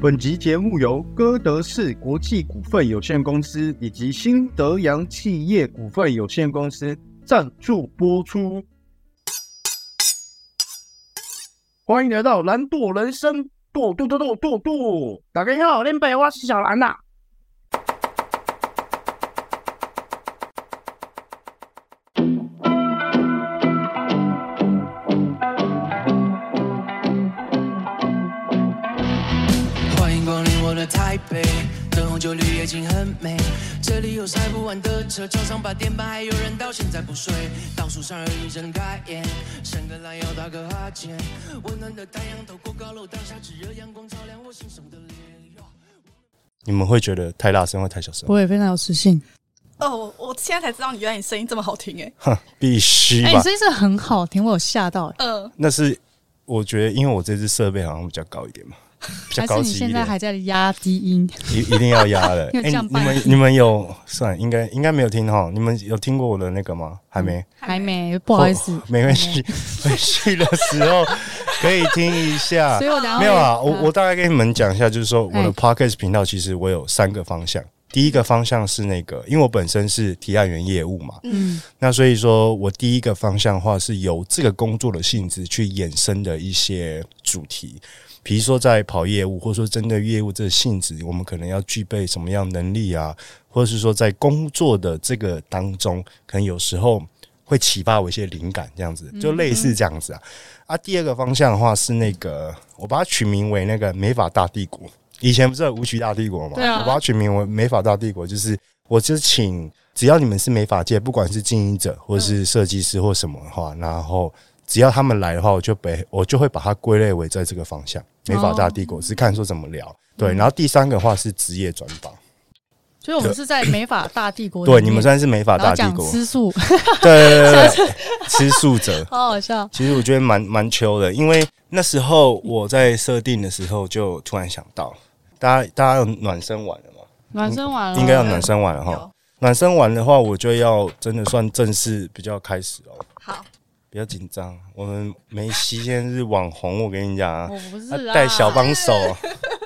本集節目由哥德士國際股份有限公司以及新德洋企業股份有限公司贊助播出。歡迎來到藍惰人生，惰惰惰惰惰！大家好，你們好，我是小藍吶。很美，這裡有塞不完的車，早上八點半還有人到現在不睡。倒數三二一，睜開眼，伸個懶腰，打個哈欠。溫暖的太陽透過高樓大廈，炙熱陽光照亮我心上的臉。你們會覺得太大聲或太小聲？不會，非常有磁性。哦，我現在才知道你原來你聲音這麼好聽哎、欸！哼，必須吧？哎、欸，你聲音是很好聽，我有嚇到、欸。嗯、呃，那是我覺得，因為我這支設備好像比較高一點嘛。比較高級還是你現在還在壓低音？一 一定要壓的 你、欸。你們你們有算，應該應該沒有聽哈？你們有聽過我的那個嗎？還沒，還沒，不好意思。Oh, 沒關係，回去的時候可以聽一下。 沒有啊，我我大概給你們講一下，就是說我的 Podcast 頻道其實我有三個方向、欸。第一個方向是那個，因為我本身是提案員業務嘛，嗯，那所以說我第一個方向的話，是由這個工作的性質去衍生的一些主題。比如說，在跑業務，或者說針對業務這個性質，我們可能要具備什麼樣能力啊？或者是說，在工作的這個當中，可能有時候會啟發我一些靈感，這樣子就類似這樣子啊。嗯嗯。啊，第二個方向的話是那個，我把它取名為“那個美髮大帝國”。以前不是“武曲大帝國嗎”嗎、啊？我把它取名為“美髮大帝國”，就是我就是請，只要你們是美髮界，不管是經營者或者是設計師或什麼的話、嗯，然後只要他們來的話，我就被我就會把它歸類為在這個方向。美髮大帝國、哦、是看說怎麼聊，對。嗯、然後第三個話是職業專訪、嗯，所以我們是在美髮大帝國。對，你們算是美髮大帝國吃素， 對對對，對吃素者，好好笑。其實我覺得蠻蠻 chill 的，因為那時候我在設定的時候就突然想到，大家大家有暖身完了嗎？暖身完了，應該要暖身完了哈。暖身完的話，我就要真的算正式比較開始哦。好。不要緊張，我們梅西現在是網紅，我跟你講啊，我不是帶、啊、小幫手，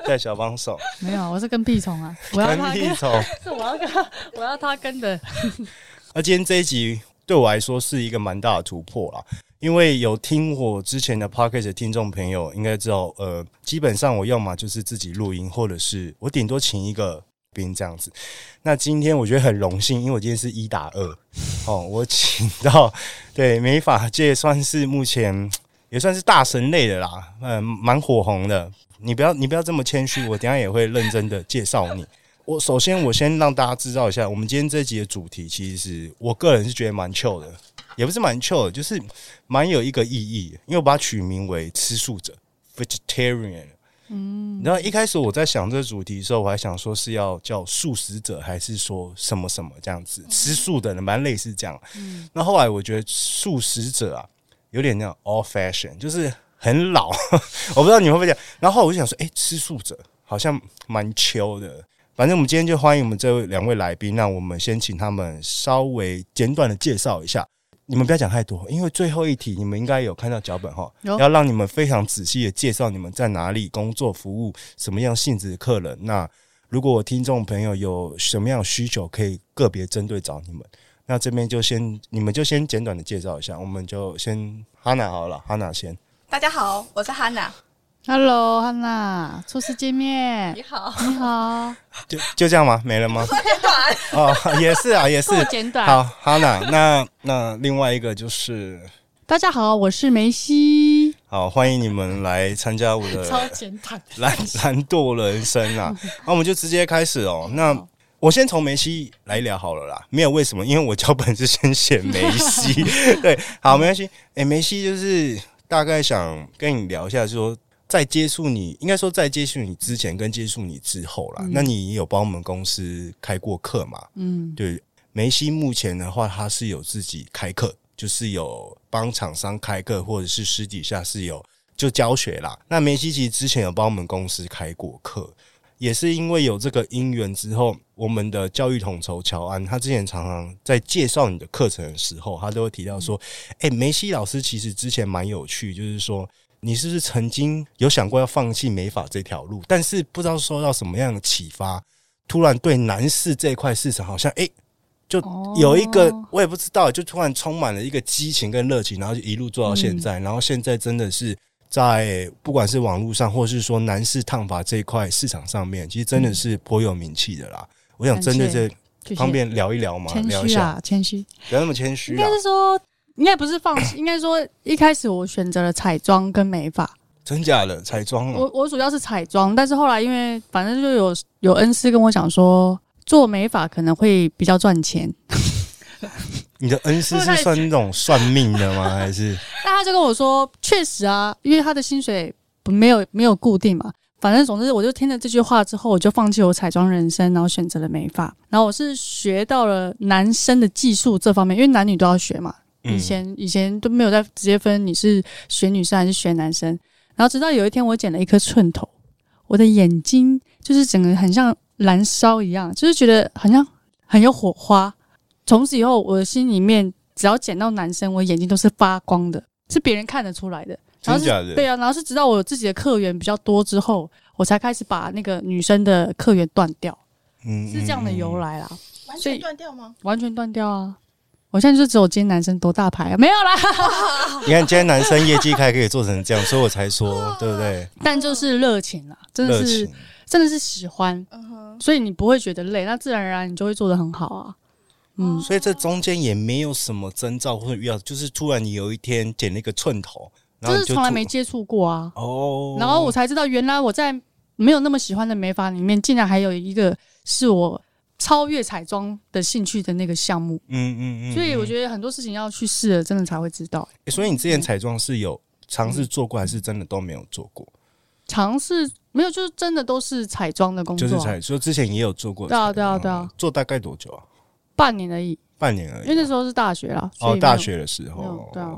帶、欸、小幫手、欸、小幫手沒有，我是跟屁蟲啊，我要跟，跟屁蟲是我要，跟，我要他跟着。那、 啊、今天這一集對我來說是一個蠻大的突破啦，因為有聽我之前的 podcast 的聽眾朋友應該知道，呃，基本上我要麼就是自己錄音，或者是我頂多請一個。邊這樣子，那今天我覺得很榮幸，因為我今天是一打二哦，我請到對美髮界算是目前也算是大神類的啦，嗯，蠻火紅的。你不要你不要這麼謙虛，我等下也會認真的介紹你。我首先我先讓大家知道一下，我們今天這集的主題，其實我個人是覺得蠻 chill 的，也不是蠻 chill 的，就是蠻有一個意義，因為我把它取名為吃素者 （vegetarian）。嗯，然後一開始我在想這個主題的時候，我還想說是要叫素食者，還是說什麼什麼這樣子吃素的人，蠻類似這樣、嗯。那後來我覺得素食者啊，有點那種 old fashion，就是很老，呵呵，我不知道你會不會講。然後，後來我就想說，哎、欸，吃素者好像蠻 chill 的。反正我們今天就歡迎我們這兩位來賓，那我們先請他們稍微簡短的介紹一下。你們不要講太多，因為最後一題你們應該有看到腳本哈，要讓你們非常仔細的介紹你們在哪裡工作、服務什麼樣性質的客人。那如果聽眾朋友有什麼樣需求，可以個別針對找你們。那這邊就先，你們就先簡短的介紹一下，我們就先哈娜好了，哈娜先。大家好，我是哈娜。Hello，哈娜，初次見面。你好，你好。就就這樣嗎？沒了嗎？哦，也是啊，也是。超簡短。好，哈娜，那那另外一個就是，大家好，我是梅西。好，歡迎你們來參加我的超簡短懶懶惰人生啊。那、 啊、我們就直接開始哦。那我先從梅西來聊好了啦。沒有為什麼，因為我腳本是先寫梅西。 對，好，嗯、沒關係。哎、欸，梅西就是大概想跟你聊一下，就是說。在接觸你，應該說在接觸你之前跟接觸你之後了、嗯。那你有幫我們公司開過課嗎？嗯，對。梅西目前的話，他是有自己開課，就是有幫廠商開課，或者是私底下是有就教學啦。那梅西其實之前有幫我們公司開過課，也是因為有這個因緣之後，我們的教育統籌喬安，他之前常常在介紹你的課程的時候，他都會提到說：“哎、嗯欸，梅西老師其實之前蠻有趣，就是說。”你是不是曾經有想過要放棄美髮這條路？但是不知道受到什麼樣的啟發，突然對男士這塊市場好像誒、欸，就有一個我也不知道，就突然充滿了一個激情跟熱情，然後就一路做到現在。嗯、然後現在真的是在不管是網絡上，或是說男士燙髮這一塊市場上面，其實真的是頗有名氣的啦。我想針對這方便聊一聊嘛，啊、聊一下，謙虛，不要那麼謙虛，啊。應該是說。應該不是放棄，應該說一開始我選擇了彩妝跟美髮，真假的彩妝。我我主要是彩妝，但是後來因為反正就有有恩師跟我講說，做美髮可能會比較賺錢。你的恩師是算那種算命的嗎？還是？那他就跟我說，確實啊，因為他的薪水沒有沒有固定嘛。反正總之，我就聽了這句話之後，我就放棄我彩妝人生，然後選擇了美髮。然後我是學到了男生的技術這方面，因為男女都要學嘛。以前以前都沒有在直接分你是選女生還是選男生，然後直到有一天我剪了一顆寸頭，我的眼睛就是整個很像燃燒一樣，就是覺得好像很有火花。從此以後，我的心裡面只要剪到男生，我眼睛都是發光的，是別人看得出來的。然後是，是假的？對啊，然後是直到我自己的客源比較多之後，我才開始把那個女生的客源斷掉。嗯，嗯，嗯，是這樣的由來啦。所以完全斷掉嗎？完全斷掉啊。我現在就只有今天男生多大牌啊？沒有啦！ 你看今天男生業績還可以做成這樣，所以我才說， 對不對、嗯？但就是熱情啊，真的是真的是喜歡，所以你不會覺得累，那自然而然你就會做得很好啊。嗯,嗯，所以這中間也沒有什麼徵兆或者遇到，就是突然你有一天剪了一個寸頭，就是從來沒接觸過啊。哦，然後我才知道，原來我在沒有那麼喜歡的美髮裡面，竟然還有一個是我。超越彩妝的興趣的那個項目，嗯嗯嗯，所以我覺得很多事情要去試了，真的才會知道。欸、所以你之前彩妝是有嘗試做過、嗯，還是真的都沒有做過？嘗試沒有，就是真的都是彩妝的工作、啊，就是彩妝之前也有做過，對啊對啊對啊。做大概多久啊？半年而已。半年而已、啊，因為那時候是大學了，哦，大學的時候，對啊。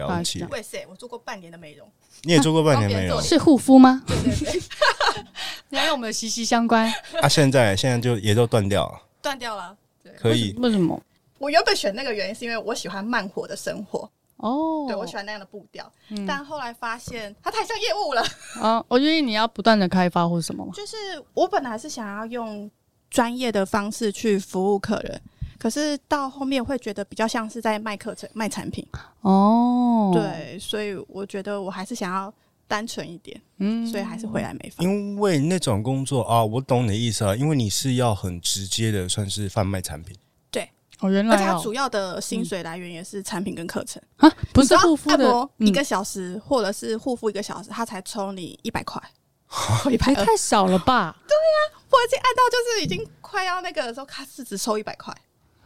啊，為誰？我做過半年的美容， 你也做過半年的美容，是護膚嗎？哈哈，你還跟，我們的息息相關啊！現在，現在就也都斷掉了，斷掉了，對，可以？為什麼？我原本選那個原因是因為我喜歡慢活的生活哦，對我喜歡那樣的步調，但後來發現它太像業務了啊！我覺得你要不斷的開發或什麼，就是我本來是想要用專業的方式去服務客人。可是到後面會覺得比較像是在賣課程、賣產品哦。Oh. 對，所以我覺得我還是想要單純一點，嗯，所以還是回來美髮。因為那種工作啊，我懂你的意思啊，因為你是要很直接的，算是販賣產品。對，哦，原來、哦、而且他主要的薪水來源也是產品跟課程、嗯、啊，不是護膚的說一個小時，嗯、或者是護膚一個小時，他才抽你一百塊，一、啊、百太少了吧？對呀、啊，我已經按到就是已經快要那個的時候，他是只抽一百塊。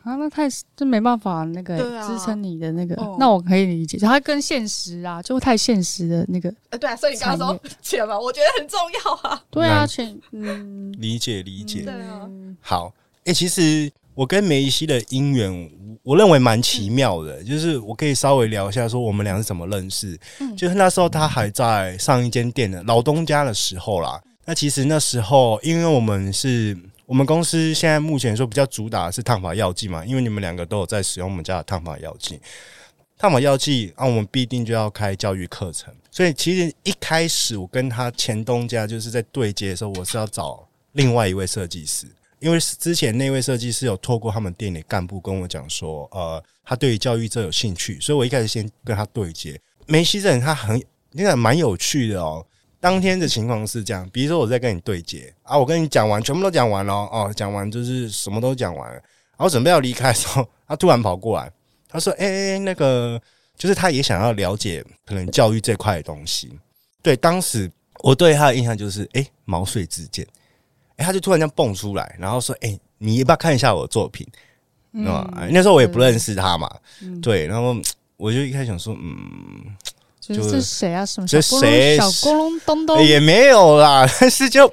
啊，那太，就沒辦法，那個、啊、支撐你的那個，oh. 那我可以理解。他跟現實啊，就太現實的那個。對啊，所以你剛剛說錢嘛，我覺得很重要啊。對啊，錢，嗯，理解理解、嗯。對啊，好，哎、欸，其實我跟梅西的姻緣，我認為蠻奇妙的、嗯，就是我可以稍微聊一下，說我們倆是怎麼認識。嗯。就是那時候他還在上一間店的老東家的時候啦、嗯。那其實那時候，因為我們是。我們公司現在目前說比較主打的是燙髮藥劑嘛，因為你們兩個都有在使用我們家的燙髮藥劑。燙髮藥劑，那我們必定就要開教育課程。所以其實一開始我跟他前東家就是在對接的時候，我是要找另外一位設計師，因為之前那位設計師有透過他們店裡幹部跟我講說，呃，他對於教育這有興趣，所以我一開始先跟他對接。梅西這人他很應該蠻有趣的哦。當天的情況是這樣，比如說我在跟你對接啊，我跟你講完，全部都講完了，哦，講完就是什麼都講完了，然後準備要離開的時候，他突然跑過來，他說：“哎、欸，那個就是他也想要了解可能教育這塊的東西。”對，當時我對他的印象就是，哎、欸，毛遂自薦，哎、欸，他就突然間蹦出來，然後說：“哎、欸，你要不要看一下我的作品？”啊、嗯，那時候我也不認識他嘛，對，對然後我就一開始想說，嗯。就是誰啊？什麼？誰？小咕隆咚咚也沒有啦。但是就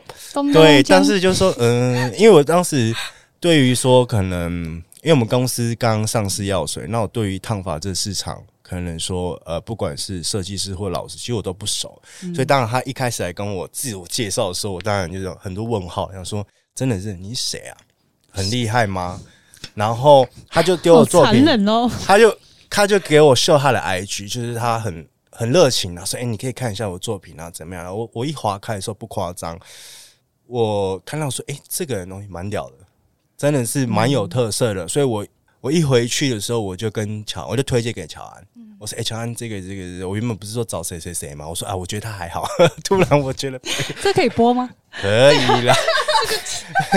對，但是就說，嗯，因為我當時對於說可能，因為我們公司剛上市藥水，那我對於燙髮這個市場可能說呃，不管是設計師或老師，其實我都不熟。所以當然他一開始來跟我自我介紹的時候，我當然就有很多問號，想說，真的是你誰啊？很厲害嗎？然後他就丟了作品哦，他就他就給我秀他的 IG，就是他很。很熱情啊，說哎，你可以看一下我作品啊，怎麼樣？啊？我我一滑開的時候，不誇張，我看到說哎、欸，這個東西蠻屌的，真的是蠻有特色的。嗯、所以我，我我一回去的時候，我就跟喬，我就推薦給喬安。嗯、我說哎、欸，喬安，這個這個，我原本不是說找誰誰誰嗎？我說啊，我覺得他還好。 突然我覺得、嗯欸、這可以播嗎？可以啦。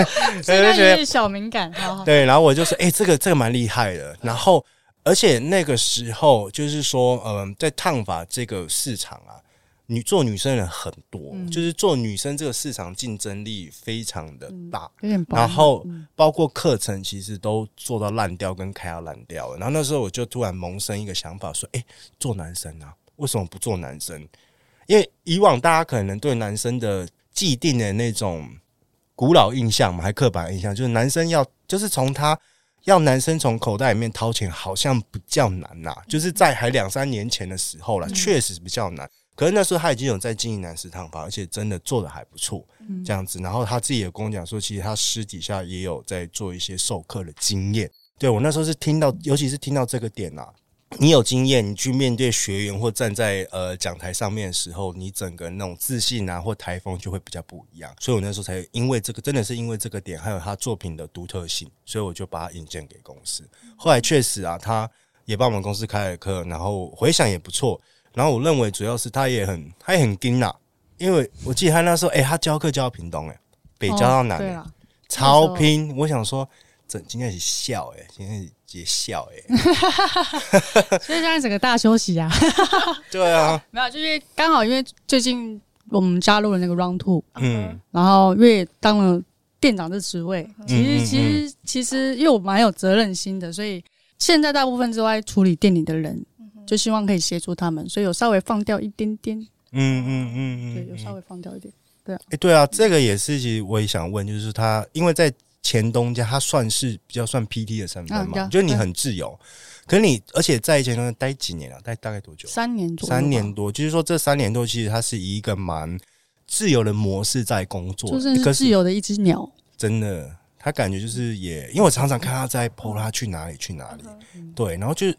所以就覺得小敏感好好，對。然後我就說哎、欸，這個這個蠻厲害的。然後。而且那個時候，就是說，嗯、呃，在燙髮這個市場啊，女做女生的很多，嗯、就是做女生這個市場競爭力非常的大。嗯、然後包括課程其實都做到爛掉，跟開要爛掉了。然後那時候我就突然萌生一個想法，說，哎、欸，做男生呢、啊？為什麼不做男生？因為以往大家可能對男生的既定的那種古老印象嘛，還刻板印象，就是男生要就是從他。要男生從口袋裡面掏錢，好像比較難吶、啊嗯。嗯、就是在還兩三年前的時候了，確實比較難。可是那時候他已經有在經營男食堂吧，而且真的做得還不錯，這樣子。然後他自己也跟我講說，其實他私底下也有在做一些授課的經驗。對，我那時候是聽到，尤其是聽到這個點啊。你有經驗，你去面對學員或站在呃講臺上面的時候，你整個那種自信啊，或台風就會比較不一樣。所以我那時候才因為這個，真的是因為這個點，還有他作品的獨特性，所以我就把他引薦給公司。後來確實啊，他也幫我們公司開了課，然後回響也不錯。然後我認為主要是他也很他也很拼啊，因為我記得他那時候，哎、欸，他教課教到屏東、欸，哎，北教到南、欸哦，對啊，超拼。我想說，整今天起笑哎，今天、欸。起。揭曉哎，所以現在整個大休息啊 。對啊， 沒有，就是剛好因為最近我們加入了那個 Round Two，嗯、okay.，然後因為當了店長的職位、okay. 其，其實其實其實因為我蠻有責任心的，所以現在大部分之外處理店裡的人，就希望可以協助他們，所以有稍微放掉一點點，嗯嗯嗯,嗯,嗯,嗯，對，有稍微放掉一點，對，啊，欸、對啊，這個也是其實，我也想問，就是他因為在。前東家他算是比較算 PT 的身份嘛，就是你很自由，可是你而且在前東家待幾年了？待大概多久？三年多。三年多。就是說這三年多，其實他是以一個蠻自由的模式在工作，就是自由的一隻鳥。真的，他感覺就是也，因為我常常看他在 po，他去哪裡去哪裡，對，然後就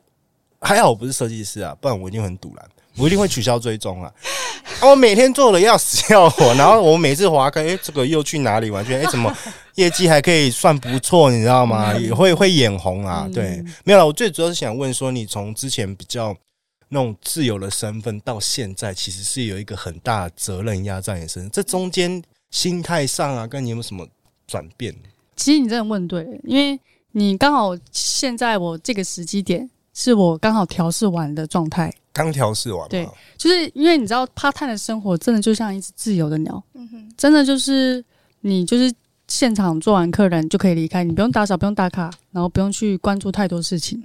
還好我不是設計師啊，不然我已經很賭爛。我一定會取消追蹤啊！我每天做的要死要活，然後我每次劃開，誒，這個又去哪裡玩去誒，怎麼業績還可以算不錯？你知道嗎？也會會眼紅啊！對，沒有了。我最主要是想問說，你從之前比較那種自由的身份，到現在其實是有一個很大的責任壓在你身，這中間心態上啊，跟你有沒有什麼轉變？其實你真的問對了，因為你剛好現在我這個時機點。是我剛好調試完的狀態，剛調試完嗎？對，就是因為你知道，part-time 的生活真的就像一只自由的鳥，嗯哼，真的就是你就是現場做完客人就可以離開，你不用打掃，不用打卡，然後不用去關注太多事情。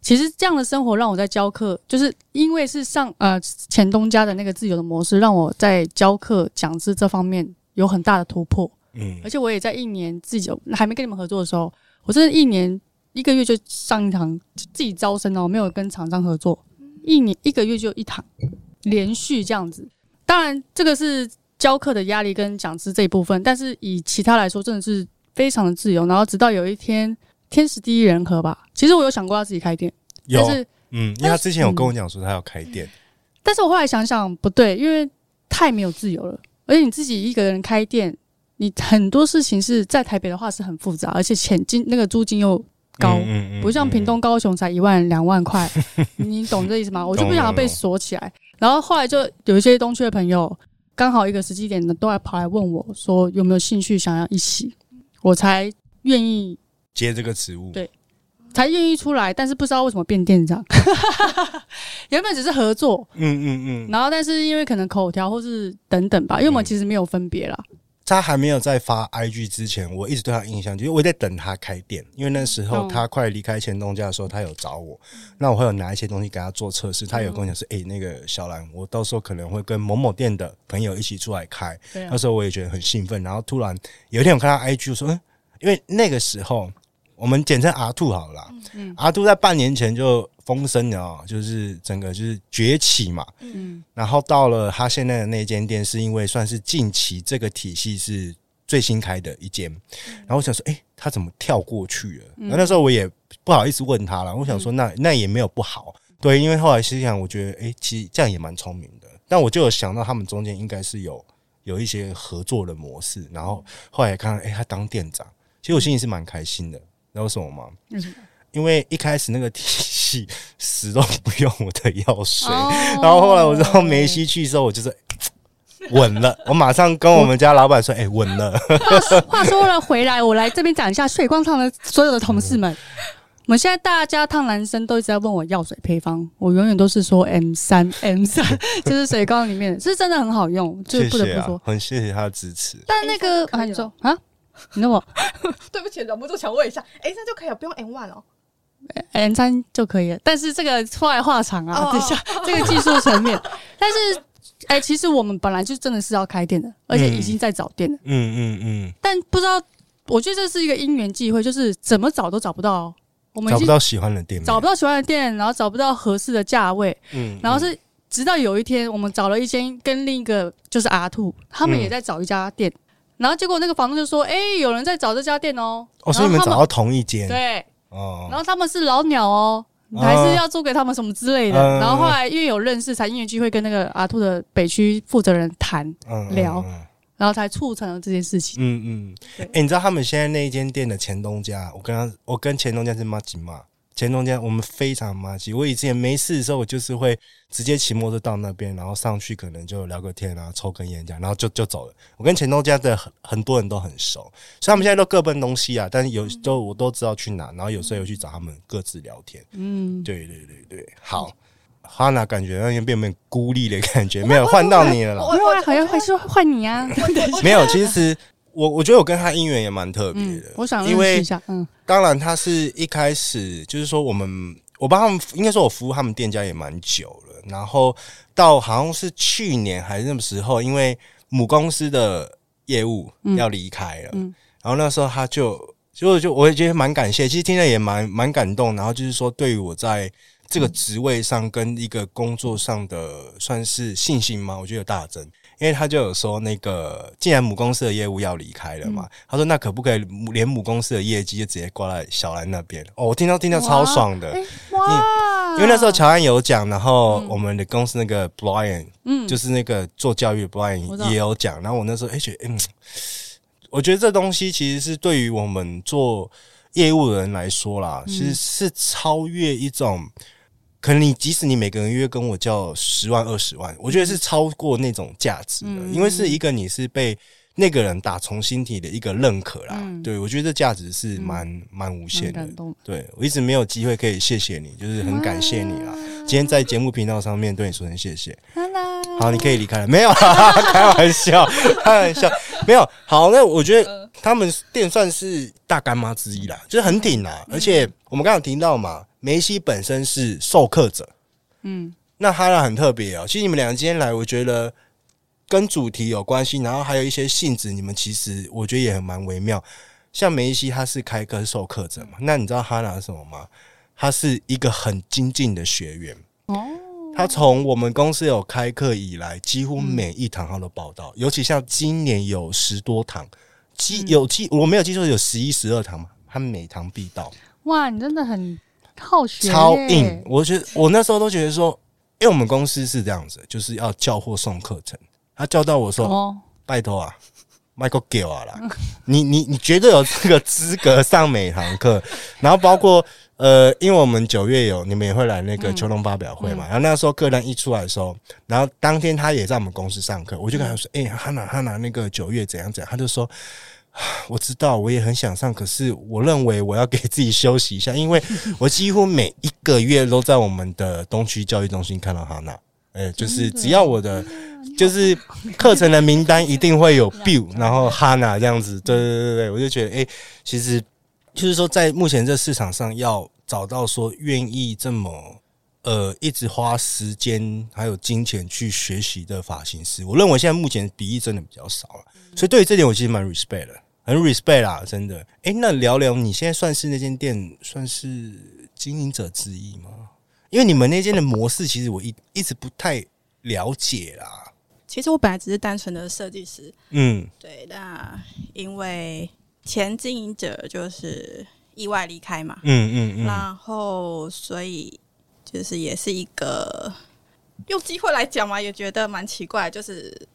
其實這樣的生活讓我在教課，就是因為是上呃前東家的那個自由的模式，讓我在教課講師這方面有很大的突破。嗯，而且我也在一年自己還沒跟你們合作的時候，我真是一年。一個月就上一堂，就自己招生哦，我沒有跟廠商合作。一年一個月就一堂，連續這樣子。當然，這個是教課的壓力跟講師這一部分。但是以其他來說，真的是非常的自由。然後直到有一天，天時地利人和吧。其實我有想過要自己開店，有，但是嗯是，因為他之前有跟我講說他要開店。嗯，但是我後來想想不對，因為太沒有自由了。而且你自己一個人開店，你很多事情是在台北的話是很複雜，而且錢金那個租金又高、嗯，嗯嗯嗯，不像屏東高雄才一萬兩萬塊，嗯，嗯嗯，你懂這意思嗎？我就不想要被鎖起來。然後後來就有一些東區的朋友，剛好一個時機點的都來跑來問我說有沒有興趣想要一起，我才願意接這個職務，對，才願意出來。但是不知道為什麼變店長， 原本只是合作，嗯嗯嗯。然後但是因為可能口條或是等等吧，因為我們其實沒有分別啦。他還沒有在發 IG 之前，我一直對他印象，就是、我在等他開店，因為那時候他快離開前東家的時候，他有找我，那我會有拿一些東西給他做測試。他有跟我講說，誒、欸，那個小蘭，我到時候可能會跟某某店的朋友一起出來開。啊、那時候我也覺得很興奮。然後突然有一天我看到 IG 我說、欸，因為那個時候我們簡稱 R2 好了啦，R2、嗯、R2 在半年前就。風生的啊，就是整個就是崛起嘛，嗯，然後到了他現在的那間店，是因為算是近期這個體系是最新開的一間，然後我想說，哎、欸，他怎麼跳過去了？那那時候我也不好意思問他了。我想說那，那那也沒有不好，對，因為後來實際上，我覺得，哎、欸，其實這樣也蠻聰明的。但我就有想到他們中間應該是有有一些合作的模式。然後後來看，看，哎、欸，他當店長，其實我心裡是蠻開心的。那為什麼嗎？ 因為一開始那個體系死都不用我的藥水，oh, 然後後來我知道梅西去的時候，我就是穩、oh, okay. 了。我馬上跟我們家老板說：“哎、 欸，穩了。”話話說了回來，我來這邊講一下水光燙的所有的同事們。嗯、我們現在大家，燙男生都一直在問我藥水配方，我永遠都是說 M 三 M 三， 就是水光裡面是真的很好用，就是不得不說謝謝、啊、很謝謝他的支持。但那個、啊、你說啊，那麼 對不起，忍不住想問一下，哎，那就可以了，不用 M 一哦。N 餐就可以了，但是這個說來話長啊，oh. 等一下這個技術層面。 但是，哎、欸，其實我們本來就真的是要開店的、嗯，而且已經在找店了。嗯嗯嗯。但不知道，我覺得這是一個因緣際會，就是怎麼找都找不到，我們找不到喜歡的店，找不到喜歡的店，然後找不到合適的價位嗯。嗯。然後是直到有一天，我們找了一間跟另一個就是阿兔，他們也在找一家店，嗯、然後結果那個房東就說：“哎、欸，有人在找這家店哦、喔。”哦，所以你們找到同一間。對。哦，然後他們是老鳥哦、嗯，還是要做給他們什麼之類的。嗯、然後後來因為有認識，才因緣際會跟那個阿兔的北區負責人談、嗯、聊，然後才促成了這件事情。嗯嗯，哎、欸，你知道他們現在那一間店的前東家，我跟他，我跟前東家是麻吉嘛。錢東家，我們非常默契。我以，以前沒事的時候，我就是會直接騎摩托到那邊，然後上去可能就聊個天啊，抽根煙這樣，然後就就走了。我跟錢東家的很很多人都很熟，雖然他們現在都各奔東西啊，但是有都我都知道去哪，然後有時候又去找他們各自聊天。嗯，對對對對，好。嗯、哈娜，感覺好像變變孤立的感覺，沒有換到你了啦。我後來好像會是換你啊？沒有，其實我我覺得我跟他姻緣也蠻特別的，我想認一下。因為，嗯，當然他是一開始就是說我們我幫他們，應該說我服務他們店家也蠻久了。然後到好像是去年還是什麼時候，因為母公司的業務要離開了。然後那時候他就就我就我也覺得蠻感謝，其實聽了也蠻蠻感動。然後就是說對於我在這個職位上跟一個工作上的算是信心嘛，我覺得有大增。因為他就有說，那個既然母公司的業務要離開了嘛，嗯，他說那可不可以連母公司的業績就直接掛在小藍那邊？哦，我聽到聽到超爽的，嗯，因為那時候喬安有講，然後我們的公司那個 Brian，嗯，就是那個做教育 Brian 也有講，嗯，然後我那時候 H M，欸欸，我覺得這東西其實是對於我們做業務的人來說啦，嗯，其實是超越一種。可能你即使你每個月跟我交十萬二十萬，我覺得是超過那種價值的。因為是一個你是被那個人打從心底的一個認可啦。對我覺得這價值是蠻蠻無限的。對我一直沒有機會可以謝謝你，就是很感謝你啦。今天在節目頻道上面對你說聲謝謝。好，你可以離開了。沒有，開玩笑，開玩笑，沒有。好，那我覺得他們店算是大乾媽之一啦，就是很頂啦，而且，我們剛有提到嘛，梅西本身是授課者，嗯，那 Hana 很特別哦、喔。其實你們兩個今天來，我覺得跟主題有關係，然後還有一些性質，你們其實我覺得也很蠻微妙。像梅西他是開課授課者嘛、嗯，那你知道 Hana 是什麼嗎？他是一個很精進的學員哦、嗯。他從我們公司有開課以來，幾乎每一堂他都報到、嗯，尤其像今年有十多堂，幾有記、嗯、我沒有記錯有十一十二堂嘛，他每堂必到。哇，你真的很好學，超硬！我覺得我那時候都覺得說，因為我們公司是這樣子，就是要叫貨送課程。他叫到我說：“拜托啊，Michael 給我啦、嗯、你你你絕對有這個資格上每堂課？” 然後包括呃，因為我們九月有你們也會來那個秋冬發表會嘛、嗯。然後那時候客人一出來的時候，然後當天他也在我們公司上課，我就跟他說：“哎、嗯欸，他拿他拿那個九月怎樣怎樣？”他就說。唉，我知道，我也很想上，可是我認為我要給自己休息一下，因為我幾乎每一個月都在我們的東區教育中心看到哈娜。哎，就是只要我的就是課程的名單一定會有 Beau，然後哈娜這樣子，對對對對對，我就覺得哎、欸，其實就是說在目前這市場上要找到說願意這麼呃一直花時間還有金錢去學習的髮型師，我認為現在目前比例真的比較少了。所以對於這點，我其實蠻 respect 的。很 respect 啦，真的。誒、欸，那聊聊，你現在算是那間店算是經營者之一嗎？因為你們那間的模式，其實我一一直不太了解啦。其實我本來只是單純的設計師，嗯，對。那因為前經營者就是意外離開嘛，嗯嗯嗯，然後所以就是也是一個，用機會來講嘛，也覺得蠻奇怪，就是。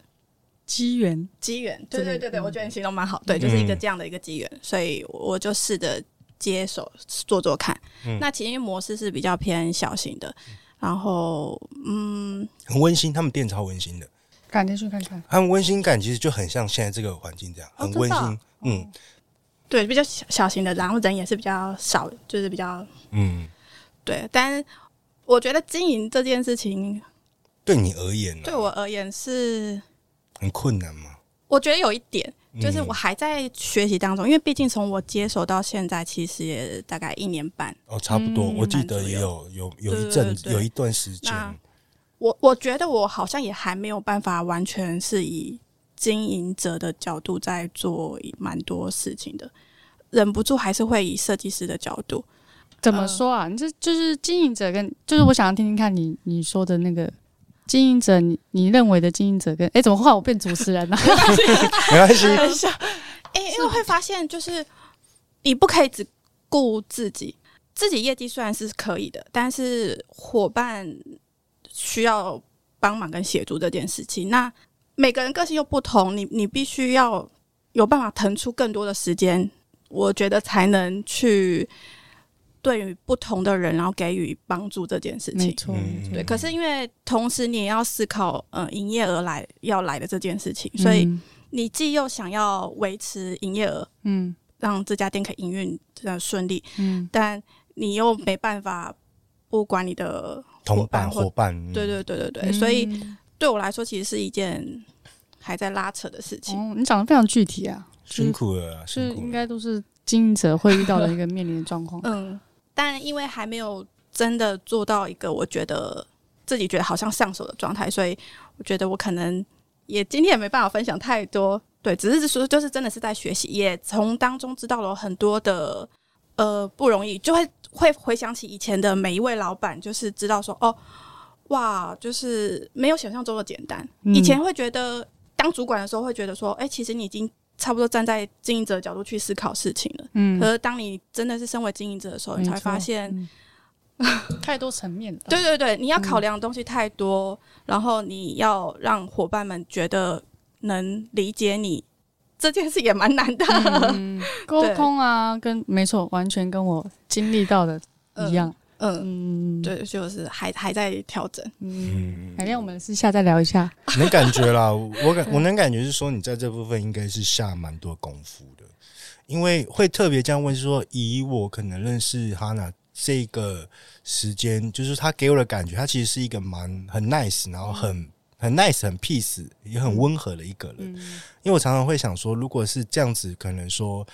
機緣，機緣，對對對對，嗯、我覺得你形容蠻好，對，就是一個這樣的一個機緣、嗯，所以我就試着接手做做看。嗯、那其實因為模式是比較偏小型的，然後嗯，很溫馨，他們店超溫馨的，趕進去看看。很溫馨感，其實就很像現在這個環境這樣，哦、很溫馨、哦，嗯，對，比較小小型的，然後人也是比較少，就是比較嗯，對。但我覺得經營這件事情，對你而言，對我而言是，很困難嗎？我覺得有一點，就是我還在學習當中，嗯、因為畢竟從我接手到現在，其實也大概一年半。哦，差不多。嗯、我記得也有有有一陣，有一段時間，我我覺得我好像也還沒有辦法完全是以經營者的角度在做蠻多事情的，忍不住還是會以設計師的角度。怎麼說啊？呃、你這就是經營者跟就是我想要聽聽看你你說的那個。經營者你，你你認為的經營者跟哎、欸，怎麼換我，我變主持人呢？ 沒關係，哎、嗯欸，因為會發現就是你不可以只顧自己，自己業績雖然是可以的，但是夥伴需要幫忙跟協助這件事情。那每個人個性又不同，你你必須要有辦法騰出更多的時間，我覺得才能去。對於不同的人，然後給予幫助這件事情，嗯，對。可是因為同時你也要思考，呃，營業額來要來的這件事情，嗯，所以你既又想要維持營業額，嗯，讓這家店可以營運這樣順利，嗯，但你又沒辦法不管你的夥伴或同伴夥伴，嗯，對對對對對，嗯，所以對我來說，其實是一件還在拉扯的事情。哦，你講的非常具體啊，就是，辛苦了啊，辛苦了，就是應該都是經營者會遇到的一個面臨的狀況，嗯、 呃。但因為還沒有真的做到一個我覺得自己覺得好像上手的狀態，所以我覺得我可能也今天也沒辦法分享太多。對，只是說就是真的是在學習，也從當中知道了很多的呃不容易，就會會回想起以前的每一位老闆，就是知道說哦，哇，就是沒有想象中的簡單。嗯。以前會覺得當主管的時候會覺得說，哎，欸，其實你已經。差不多站在經營者的角度去思考事情了。嗯，可是當你真的是身為經營者的時候，你才發現、嗯、 太多層面了。對對對，你要考量的東西太多，嗯、然後你要讓夥伴們覺得能理解你，這件事也蠻難的。溝、嗯、通啊， 跟沒錯，完全跟我經歷到的一樣。呃嗯，對，就是還還在調整。嗯，改天我們私下再聊一下。能感覺啦，我感我能感覺是說，你在這部分應該是下蠻多功夫的，因為會特別這樣問說，是說以我可能認識 Hana 這個時間，就是她給我的感覺，她其實是一個蠻很 nice，然後很很 nice，很 peace，也很溫和的一個人。因為我常常會想說，如果是這樣子，可能說。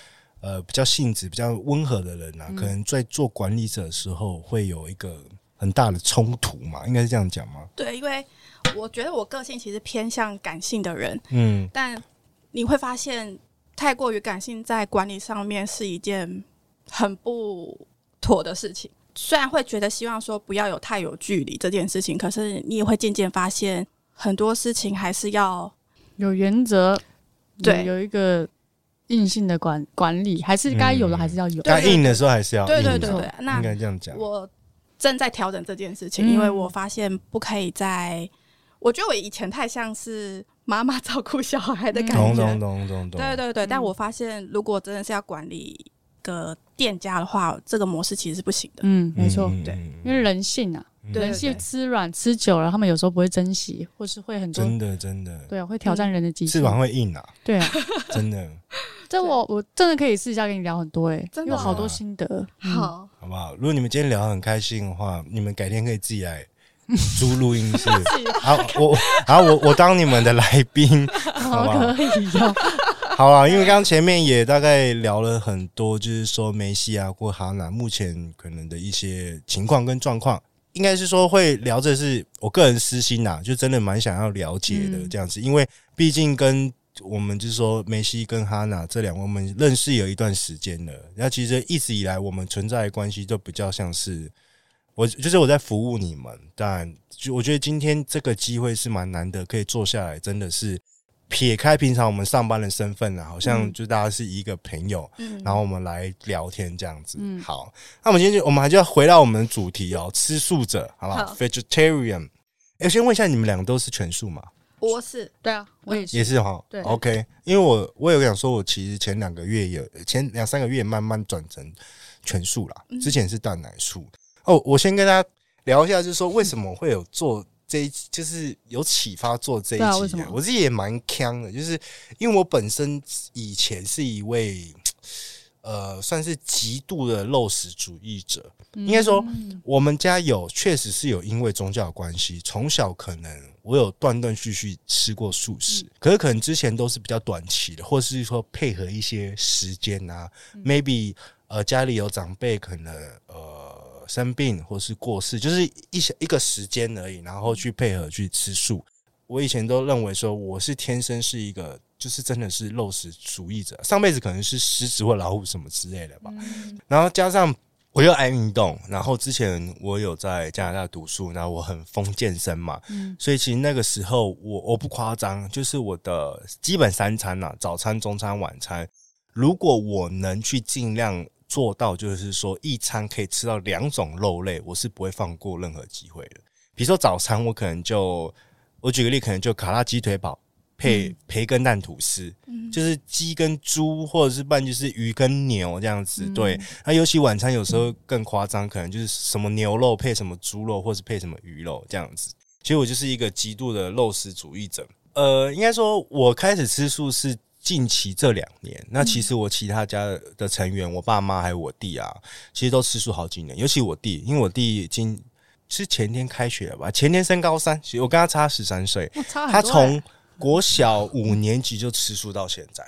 呃，比較性子比較溫和的人呢、啊，嗯、可能在做管理者的時候會有一個很大的衝突嘛，應該是這樣講嗎？對，因為我覺得我個性其實偏向感性的人，嗯，但你會發現太過於感性在管理上面是一件很不妥的事情。雖然會覺得希望說不要有太有距離這件事情，可是你也會漸漸發現很多事情還是要有原則，對，有一個。硬性的管管理，還是該有的，還是要有，該、嗯、硬的時候還是要的對，對對對對，那應該這樣講。我正在調整這件事情、嗯，因為我發現不可以再我覺得我以前太像是媽媽照顧小孩的感覺，嗯、對對對、嗯。但我發現，如果真的是要管理個店家的話，這個模式其實是不行的。嗯，沒錯，對，因為人性啊。對對對，人性吃軟吃久了，他們有時候不會珍惜，或是會很多。真的，真的，對啊，會挑戰人的極限。翅、嗯、膀會硬啊。對啊， 真的。這我我真的可以試一下跟你聊很多哎、欸，真的、啊，有好多心得、啊嗯。好，好不好？如果你們今天聊得很開心的話，你們改天可以自己來租錄音室，好我 啊，我啊我，我當你們的來賓。 好可以哦、啊。好啊，因為剛前面也大概聊了很多，就是說梅西啊或哈娜目前可能的一些情況跟狀況。應該是說，會聊，着是我個人私心吶、啊，就真的蠻想要了解的這樣子，嗯、因為畢竟跟我們就是說梅西跟哈娜這兩位，我們認識有一段時間了，那其實一直以來我們存在的關係就比較像是我，就是我在服務你們，當然，就我覺得今天這個機會是蠻難得，可以坐下來，真的是。撇開平常我們上班的身份、啊，然好像就大家是一個朋友、嗯，然後我們來聊天這樣子。嗯、好，那我們今天就我們還就要回到我們的主題哦、喔，吃素者，好不好 Vegetarian 哎、欸，先問一下，你們兩個都是全素嗎？我是，對啊，我也是也是哈、喔。對，OK。因為我我有想說，我其實前兩個月有前兩三個月慢慢轉成全素啦。嗯、之前是蛋奶素。哦、喔，我先跟大家聊一下，就是說為什麼會有做、嗯。這一就是有啟發，做這一集、啊啊、我自己也蠻嗆的，就是因為我本身以前是一位呃，算是極度的肉食主義者。嗯、應該說，我們家有確實是有因為宗教關係，從小可能我有斷斷續續吃過素食、嗯，可是可能之前都是比較短期的，或者是說配合一些時間啊、嗯。Maybe 呃，家裡有長輩可能呃。生病或是過世，就是一些一個時間而已，然後去配合去吃素。我以前都認為說，我是天生是一個，就是真的是肉食主義者，上輩子可能是獅子或老虎什麼之類的吧。嗯、然後加上我又愛運動，然後之前我有在加拿大讀書，然後我很瘋健身嘛、嗯，所以其實那個時候我我不誇張，就是我的基本三餐吶、啊，早餐、中餐、晚餐，如果我能去盡量。做到就是說，一餐可以吃到兩種肉類，我是不會放過任何機會的。比如說早餐，我可能就我舉個例，可能就卡拉雞腿堡配培根蛋吐司、嗯，就是雞跟豬，或者是半就是魚跟牛這樣子。對，那尤其晚餐有時候更誇張，可能就是什麼牛肉配什麼豬肉，或是配什麼魚肉這樣子。其實我就是一個極度的肉食主義者。呃，應該說，我開始吃素是。近期這兩年，那其實我其他家的成員，嗯、我爸媽還有我弟啊，其實都吃素好幾年。尤其我弟，因為我弟已經是前天開學了吧，前天升高三，其實我跟他差十三歲，他從國小五年級就吃素到現在，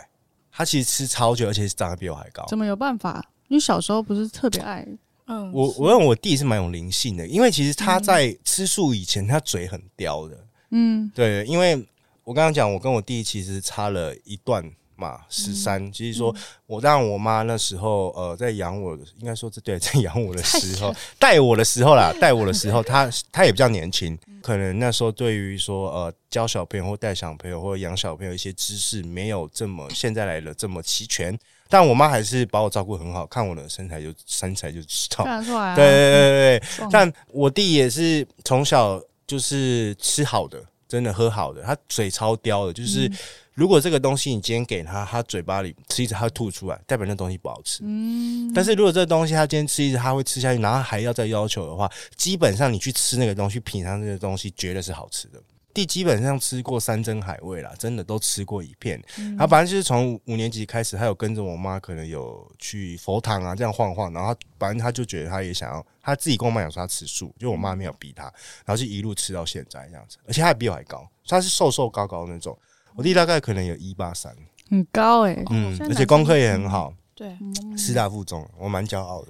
他其實吃超久，而且是長得比我還高。怎麼有辦法？你小時候不是特別愛？嗯，我我認為我弟是蠻有靈性的，因為其實他在吃素以前，嗯、他嘴很刁的。嗯，對，因為。我剛剛講，我跟我弟其實差了一段嘛，十三。其實說我讓我媽那時候呃，在養我，應該說這對在養我的時候帶我的時候啦，帶我的時候，他他也比較年輕，可能那時候對於說呃教小朋友或帶小朋友或養小朋友一些知識沒有這麼現在來的這麼齊全，但我媽還是把我照顧很好，看我的身材就身材就知道。對對對對對，對。但我弟也是從小就是吃好的。真的喝好的，他嘴超刁的，就是如果這個東西你今天給他，他嘴巴裡吃一直他會吐出來，代表那東西不好吃。嗯。但是如果這個東西他今天吃一直他會吃下去，然後還要再要求的話，基本上你去吃那個東西，品嘗那個東西，絕對是好吃的。弟基本上吃過山珍海味啦，真的都吃過一片。嗯、他反正就是從五，五年級開始，他有跟着我媽，可能有去佛堂啊這樣晃晃。然後反正他就覺得他也想要，他自己跟我媽講說他吃素，就我媽沒有逼他，然後就一路吃到現在這樣子。而且他比我還高，他是瘦瘦高高那種。我弟大概可能有一八三，很高哎、欸。嗯，而且功課也很好，嗯、對，師大附中，我蠻驕傲的。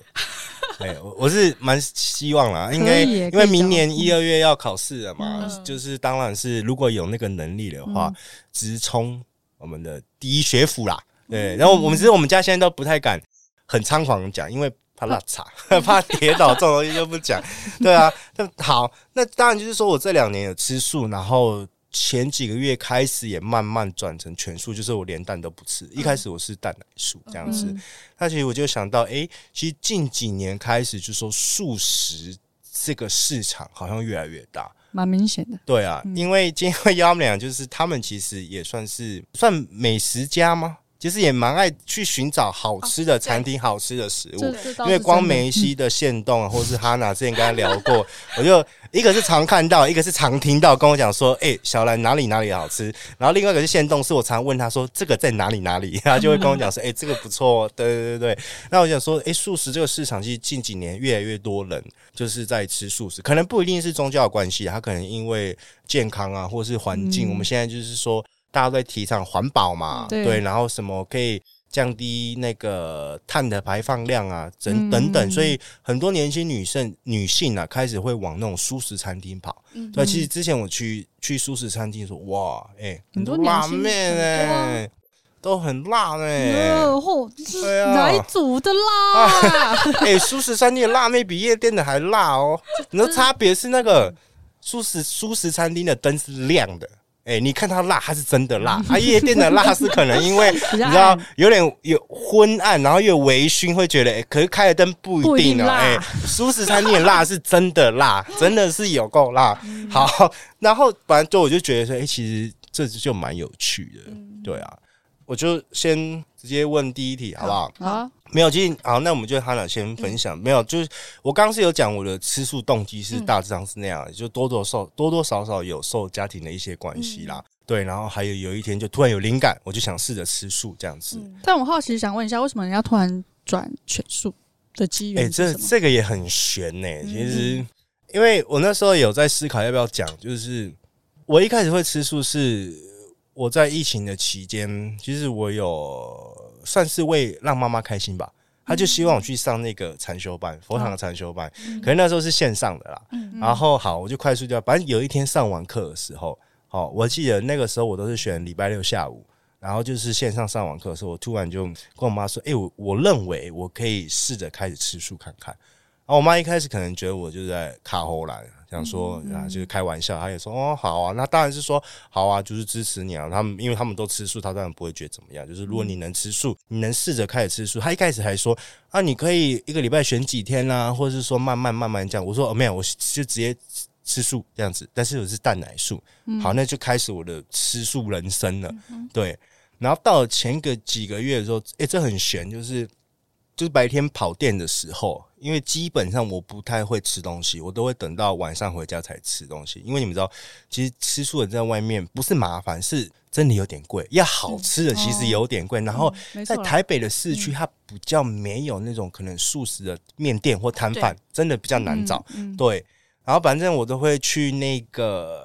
有， 我是蠻希望啦， 應該因為明年一二月要考試了嘛，就是當然是如果有那個能力的話，嗯、直衝我們的第一學府啦。對、嗯，然後我們其實我們家現在都不太敢很猖狂講，因為怕落差， 怕跌倒，這種東西就不講。 對啊，那好，那當然就是說我這兩年有吃素，然後。前幾個月開始也慢慢轉成全素，就是我連蛋都不吃。嗯、一開始我是蛋奶素這樣子，那、嗯、其實我就想到，哎、欸，其實近幾年開始就說素食這個市場好像越來越大，蠻明顯的。對啊，嗯、因為今天幺兩就是他們其實也算是算美食家嗎？其實也蠻愛去尋找好吃的餐廳、好吃的食物，因為光梅西的限動啊，或是哈娜之前跟他聊過，我就一個是常看到，一個是常聽到，跟我講說，哎，小蘭哪裡哪裡好吃，然後另外一個是限動是我常問他說這個在哪裡哪裡，他就會跟我講說，哎，這個不錯，對，對對對。那我想說，哎，素食這個市場其實近幾年越來越多人就是在吃素食，可能不一定是宗教關係，他可能因為健康啊，或是環境，我們現在就是說。大家都在提倡環保嘛，對，對，然後什麼可以降低那個碳的排放量啊，等等等、嗯嗯嗯嗯，所以很多年輕女生、女性啊，開始會往那種蔬食餐廳跑。所嗯以嗯其實之前我去去蔬食餐廳說，哇，哎、欸，很多哇、欸，面哎，都很辣哎、欸，吼、呃，是哪一組的啦、啊？哎、啊，蔬、啊、食、 欸、餐廳的辣妹比夜店的還辣哦、喔。那、就是、差別是那個蔬食蔬食餐廳的燈是亮的。哎、欸，你看它辣，它是真的辣。啊，夜店的辣是可能因為你知道有點有昏暗，然後又微醺，會覺得誒、欸，可是開了燈不一定哦。誒，素食餐廳的辣是真的辣，真的是有夠辣。好，然後反正就我就覺得說，誒，其實這就蠻有趣的。對啊，我就先直接問第一題好不好、啊？好、啊。沒有，最近好，那我們就 Hana 先分享、嗯。沒有，就是我剛剛是有講我的吃素動機是大致上是那樣、嗯，就多多少多多少少有受家庭的一些關係啦、嗯，對，然後還有有一天就突然有靈感，我就想試着吃素這樣子、嗯。但我好奇想問一下，為什麼人家突然轉全素的機緣？哎、欸，這這個也很玄呢、欸。其實因為我那時候有在思考要不要講，就是我一開始會吃素是我在疫情的期間，其實我有。算是為讓媽媽開心吧，她就希望我去上那個禪修班，佛堂的禪修班。哦、可能那時候是線上的啦。嗯、然後好，我就快速掉。反正有一天上完課的時候，好、哦，我記得那個時候我都是選禮拜六下午，然後就是線上上完課的時候，我突然就跟我媽說：“哎、欸，我我認為我可以試着開始吃素看看。”然後我媽一開始可能覺得我就是在卡喉嚨。想說、嗯、啊，就是開玩笑，他也說哦，好啊，那當然是說好啊，就是支持你啊。他們因為他們都吃素，他當然不會覺得怎麼樣。就是如果你能吃素，嗯、你能試着開始吃素。他一開始還說啊，你可以一個禮拜選幾天啦、啊，或者是說慢慢慢慢這樣。我說哦，沒有，我就直接吃素這樣子。但是我是蛋奶素、嗯，好，那就開始我的吃素人生了。嗯、對，然後到了前個幾個月的時候，哎、欸，這很玄，就是。就是白天跑店的時候，因為基本上我不太會吃東西，我都會等到晚上回家才吃東西。因為你們知道，其實吃素的在外面不是麻煩，是真的有點貴。要好吃的其實有點貴、嗯嗯。然後在台北的市區、嗯，它比較沒有那種可能素食的麵店或攤販，真的比較難找、嗯嗯。對，然後反正我都會去那個，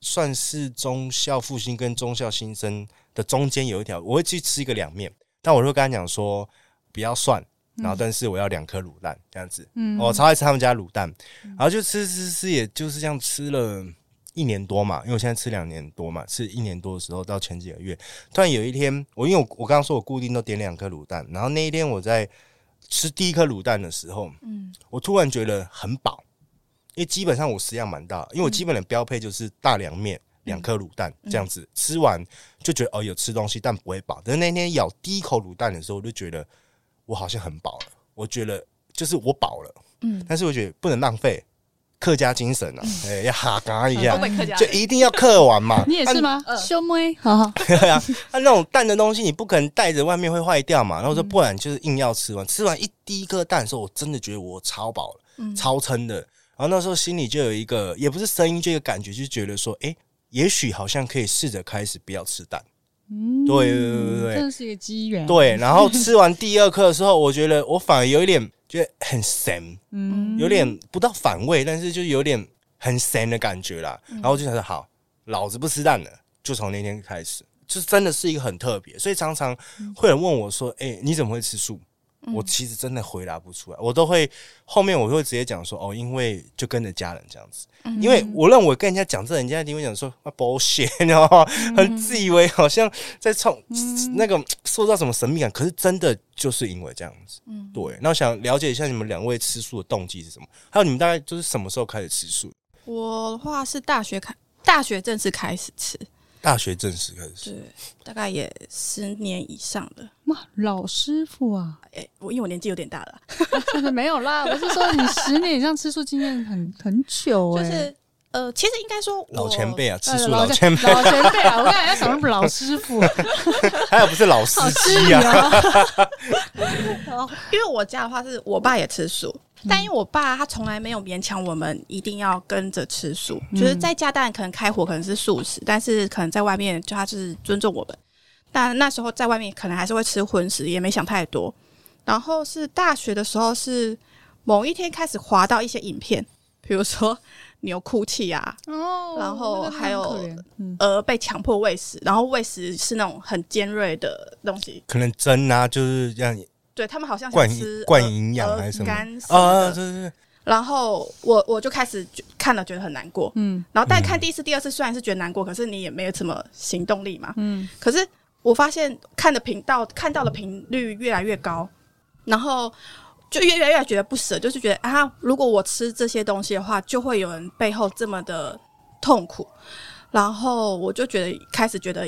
算是忠孝復興跟忠孝新生的中間有一條，我會去吃一個涼麵、嗯。但我就跟他講說。不要蒜，然後但是我要兩顆滷蛋這樣子，嗯，我、oh, 超愛吃他們家滷蛋、嗯，然後就吃吃吃，也就是這樣吃了一年多嘛，因為我現在吃兩年多嘛，吃一年多的時候到前幾個月，突然有一天，我因為我我剛剛說我固定都點兩顆滷蛋，然後那一天我在吃第一顆滷蛋的時候，嗯，我突然覺得很飽，因為基本上我食量蠻大的，因為我基本的標配就是大涼面兩顆滷蛋這樣子、嗯，吃完就覺得哦有吃東西但不會飽，但是那天咬第一口滷蛋的時候我就覺得。我好像很飽了，我覺得就是我飽了，嗯，但是我覺得不能浪費客家精神啊，哎、嗯，要哈嘎一下、嗯，就一定要嗑完嘛。 你也是嗎？修妹，哈、呃、 對呀、啊。那種蛋的東西，你不可能帶着外面會壞掉嘛。然後說，不然就是硬要吃完。嗯、吃完一第一顆蛋的時候，我真的覺得我超飽了，嗯、超撐的。然後那時候心裡就有一個，也不是聲音，就一個感覺，就是、覺得說，哎、欸，也許好像可以試着開始不要吃蛋。嗯、對，對對對對，真的是一個機緣。對，然後吃完第二顆的時候，我覺得我反而有一點覺得很鹹，嗯，有點不到反胃，但是就有點很鹹的感覺啦、嗯。然後就想說，好，老子不吃蛋了。就從那天開始，就真的是一個很特別。所以常常會有人問我說，哎、欸，你怎麼會吃素？我其實真的回答不出來，我都會後面我會直接講說哦，因為就跟着家人這樣子，嗯、因為我認為跟人家講這個，人家聽我講說保險，你知道嗎？很自以為好像在衝、嗯、那個塑造什麼神秘感，可是真的就是因為這樣子。嗯、對，那我想了解一下你們兩位吃素的動機是什麼？還有你們大概就是什麼時候開始吃素？我的話是大學開，大學正式開始吃。大學正式開始，對，大概也十年以上的，哇，老師傅啊，哎、欸，我因為我年紀有點大了， 沒有啦，我是說你十年以上吃素經驗很很久、欸，哎、就是。呃，其實應該說老前輩啊，吃素老前輩、哎、啊， 我剛才還想問老師傅、啊， 他又不是老司機啊。 因為我家的話是我爸也吃素，嗯、但因為我爸他從來沒有勉強我們一定要跟着吃素、嗯，就是在家當然可能開火可能是素食，嗯、但是可能在外面就他就是尊重我們。但那時候在外面可能還是會吃葷食，也沒想太多。然後是大學的時候，是某一天開始滑到一些影片，比如說。牛哭泣啊、哦，然後還有鵝被強迫餵食，然後餵食是那種很尖銳的東西，可能針啊，就是讓你對他們好像灌灌營養還是什麼啊，就、哦、是，是。然後我我就開始看了，覺得很難過，嗯。然後，但看第一次、第二次，雖然是覺得難過，可是你也沒有什麼行動力嘛，嗯。可是我發現看的頻道看到的頻率越來越高，然後。就越來越覺得不捨，就是覺得啊，如果我吃這些東西的話，就會有人背後這麼的痛苦。然後我就覺得開始覺得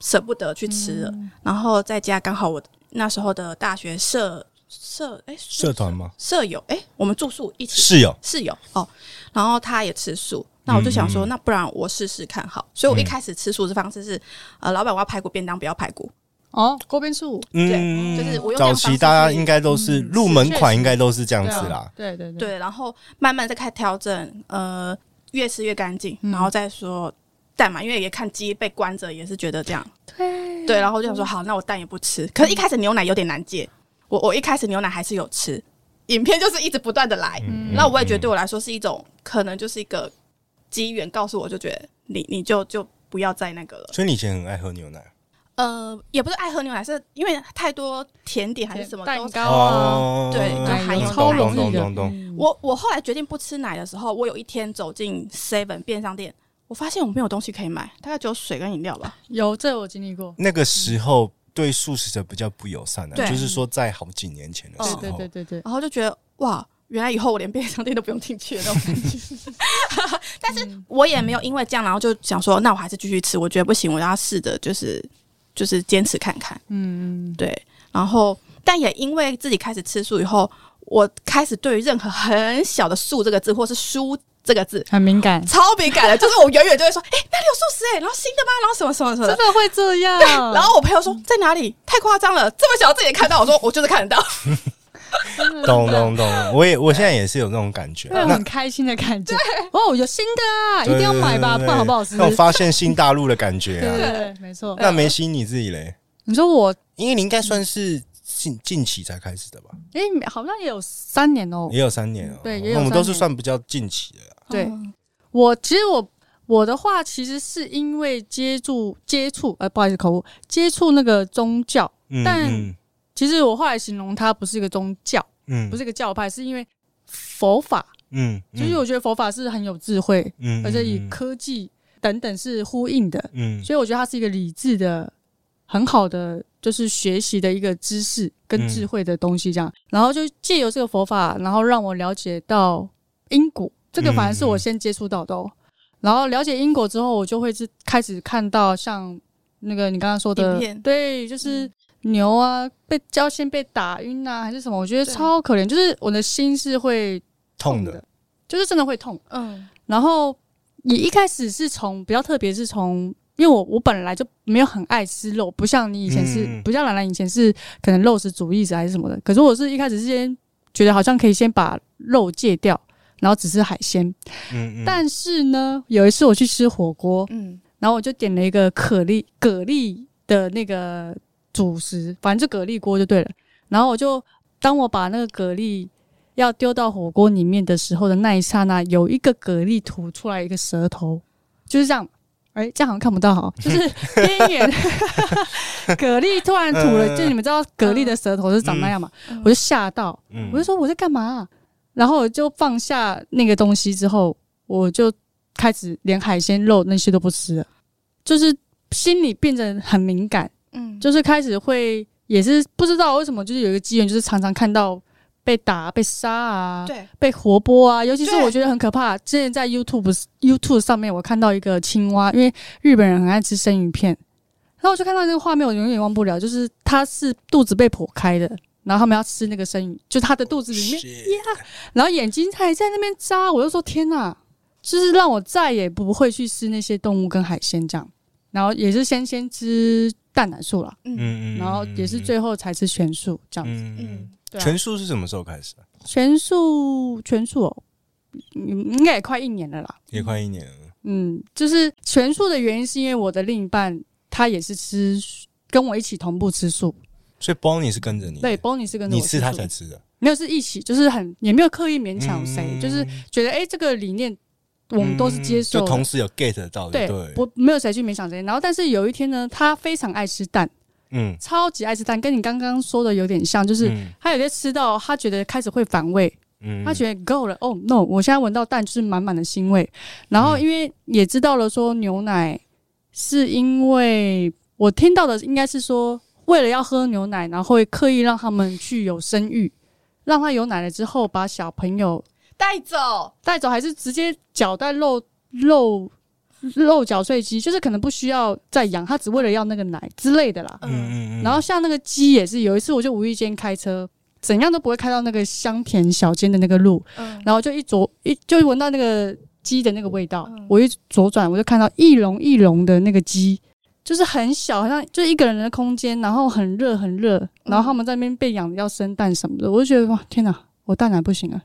捨不得去吃了。嗯、然後在家剛好我那時候的大學社社誒社團、欸、嗎？舍友誒、欸，我們住宿一起室友室友哦。然後他也吃素，那我就想說，嗯嗯那不然我試試看好。所以我一開始吃素的方式是，嗯、呃，老闆我要排骨便當，不要排骨。哦，鍋邊素，嗯對，就是我用早期大家應該都是入門款，應該都是這樣子啦。嗯對，啊、對對對，對，然後慢慢再開始調整，呃，越吃越乾淨，嗯，然後再說蛋嘛，因為也看雞被關着，也是覺得這樣。對對，對，然後就想說好，好，嗯，那我蛋也不吃。可是一開始牛奶有點難戒，我我一開始牛奶還是有吃，影片就是一直不斷的來，嗯，那我也覺得對我來說是一種，可能就是一個機緣，告訴我就覺得你你就就不要再那個了。所以你以前很愛喝牛奶？呃，也不是愛喝牛奶，是因為太多甜點還是什麼蛋糕啊？啊對，就含有奶。我我後來決定不吃奶的時候，我有一天走進 Seven 便商店，我發現我沒有東西可以買，大概只有水跟飲料吧。有，這我經歷過，嗯。那個時候對素食者比較不友善的，啊，就是說在好幾年前的時候，哦，對，對對對對對。然後就覺得哇，原來以後我連便商店都不用進去了。 但是我也沒有因為這樣，然後就想說，嗯，那我還是繼續吃。我覺得不行，我要試着就是。就是堅持看看，嗯嗯，對。然後，但也因為自己開始吃素以後，我開始對於任何很小的“素”這個字或是“書”這個字很敏感，超敏感的。就是我遠遠就會說：“誒、 欸，那裡有素食誒、欸，然後新的嗎？然後什麼什麼什麼的？真的會這樣？對，然後我朋友說：“在哪裡？”太誇張了，這麼小的自己也看到，我說我就是看得到。 懂懂懂，我也我現在也是有那種感覺那，很開心的感覺。哦，有新的啊，對對對對對，一定要買吧，不好不好吃，對對對對是不是，那我發現新大陸的感覺，啊。 對，對，對，對，對沒錯。那梅西你自己嘞？你說我，因為你應該算是近近期才開始的吧？哎、欸，好像也有三年哦，也有三年哦，嗯、對，也有我們都是算比較近期的，啊。對，我其實我我的話，其實是因為接觸接觸，呃，不好意思，口誤，接觸那個宗教，嗯、但。嗯其實我後來形容它不是一個宗教，嗯，不是一個教派，是因為佛法，嗯，嗯，其實我覺得佛法是很有智慧，嗯，而且與科技等等，是呼應的，嗯，所以我覺得它是一個理智的很好的，就是學習的一個知識跟智慧的東西，這樣。然後就借由這個佛法，然後讓我了解到因果，這個反而是我先接觸到的、喔。哦。然後了解因果之後，我就會是開始看到像那個你剛剛說的影片，對，就是。嗯牛啊，被膠心被打暈啊，還是什麼？我覺得超可憐，就是我的心是會痛的，痛的，就是真的會痛。嗯，然後你一開始是從比較特別是從，因為我我本來就沒有很愛吃肉，不像你以前是，不像蘭蘭以前是可能肉食主義者還是什麼的。可是我是一開始是先覺得好像可以先把肉戒掉，然後只吃海鮮。嗯，嗯但是呢，有一次我去吃火鍋，嗯，然後我就點了一個蛤蜊、蛤蜊的那個。主食，反正就蛤蜊鍋就對了。然後我就，當我把那個蛤蜊要丟到火鍋裡面的時候的那一剎那，有一個蛤蜊吐出來一個舌頭，就是這樣。哎、欸，這樣好像看不到哈，就是邊緣 蛤蜊突然吐了、呃，就你們知道蛤蜊的舌頭是長那樣嘛、嗯？我就嚇到，我就說我在幹嘛、啊嗯？然後我就放下那個東西之後，我就開始連海鮮肉那些都不吃了，就是心裡變得很敏感。嗯，就是開始會也是不知道為什麼，就是有一個機緣，就是常常看到被打、啊、被殺啊，對，被活剝啊。尤其是我覺得很可怕、啊。之前在 YouTube YouTube 上面，我看到一個青蛙，因為日本人很愛吃生魚片，然後我就看到那個畫面，我永遠忘不了。就是它是肚子被剖開的，然後他們要吃那個生魚，就是它的肚子裡面呀、oh yeah，然後眼睛還在那邊紮。我就說天哪、啊，就是讓我再也不會去吃那些動物跟海鮮這樣。然後也是先先吃，蛋奶素了，嗯，然後也是最後才吃全素這樣子。嗯，對啊、全素是什麼時候開始、啊？全素全素、哦，應該也快一年了啦，也快一年了。嗯，就是全素的原因是因為我的另一半他也是吃，跟我一起同步吃素。所以 Bonnie 是跟着你，對，Bonnie 是跟着你吃，他吃，他才吃的。沒有是一起，就是很也沒有刻意勉強誰、嗯，就是覺得哎、欸，這個理念。我們都是接受的，嗯，就同時有 get 的遭遇。對，我沒有誰去勉強誰。然後，但是有一天呢，他非常愛吃蛋，嗯，超級愛吃蛋，跟你剛剛說的有點像，就是他有些吃到，他覺得開始會反胃，嗯，他覺得夠了，哦，oh、no，我現在聞到蛋就是滿滿的腥味。然後因為也知道了說牛奶是因為我聽到的應該是說，為了要喝牛奶，然後會刻意讓他們去有生育，讓他有奶了之後把小朋友帶走帶走，還是直接腳帶肉肉肉攪碎機，就是可能不需要再養，它只為了要那個奶之類的啦。嗯嗯嗯。然後像那個雞也是，有一次我就無意間開車，怎樣都不會開到那個香甜小間的那個路、嗯，然後就一左一就聞到那個雞的那個味道，嗯、我一左轉我就看到一籠一籠的那個雞，就是很小，好像就一個人的空間，然後很熱很熱，然後他們在那邊被養要生蛋什麼的，我就覺得哇天哪，我蛋奶不行了。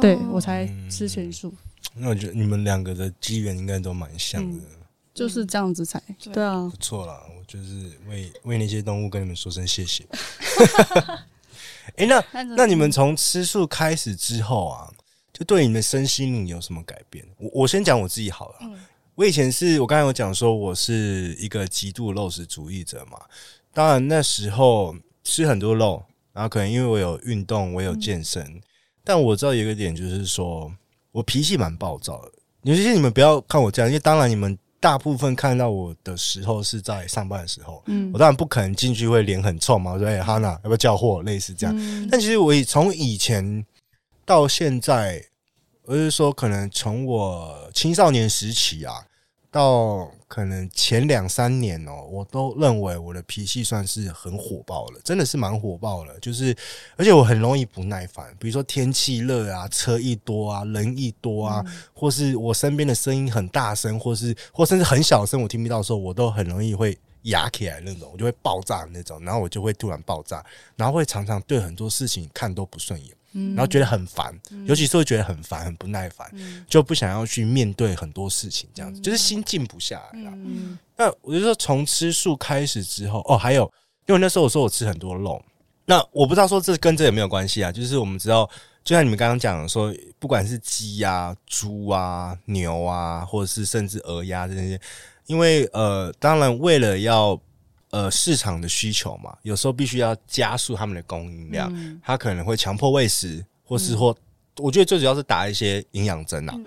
對，我才吃全素，嗯。那我覺得你們兩個的機緣應該都蠻像的，嗯，就是這樣子才對啊。不錯啦，我就是為為那些動物跟你們說聲謝謝。哎、 欸，那那你們從吃素開始之後啊，就對你們身心靈有什麼改變？我我先講我自己好了。嗯，我以前是我剛才有講說我是一個極度肉食主義者嘛，當然那時候吃很多肉，然後可能因為我有運動，我有健身。嗯但我知道有一個點，就是說我脾氣蠻暴躁的。有些你們不要看我這樣，因為當然你們大部分看到我的時候是在上班的時候，嗯，我當然不可能進去會臉很臭嘛。我說：“哎、欸，Hana，要不要叫貨？”類似這樣。嗯、但其實我從以前到現在，我就是說，可能從我青少年時期啊。到可能前兩三年哦、喔，我都認為我的脾氣算是很火爆了，真的是蠻火爆了。就是，而且我很容易不耐煩，比如說天氣熱啊，車一多啊，人一多啊，或是我身邊的聲音很大聲，或是或甚至很小聲我聽不到的時候，我都很容易會牙起來那種，我就會爆炸那種，然後我就會突然爆炸，然後會常常對很多事情看都不順眼。然後覺得很煩、嗯，尤其是會覺得很煩、很不耐煩，嗯、就不想要去面對很多事情，這樣子、嗯、就是心靜不下來了、啊嗯嗯。那我就說從吃素開始之後，哦，還有，因為那時候我說我吃很多肉，那我不知道說這跟這有沒有關係啊？就是我們知道，就像你們剛剛講的，說，不管是雞啊、豬啊、牛啊，或者是甚至鵝鴨這些，因為呃，當然為了要。呃，市場的需求嘛，有時候必須要加速他們的供應量，他可能會強迫餵食，或是或我覺得最主要是打一些營養針啊。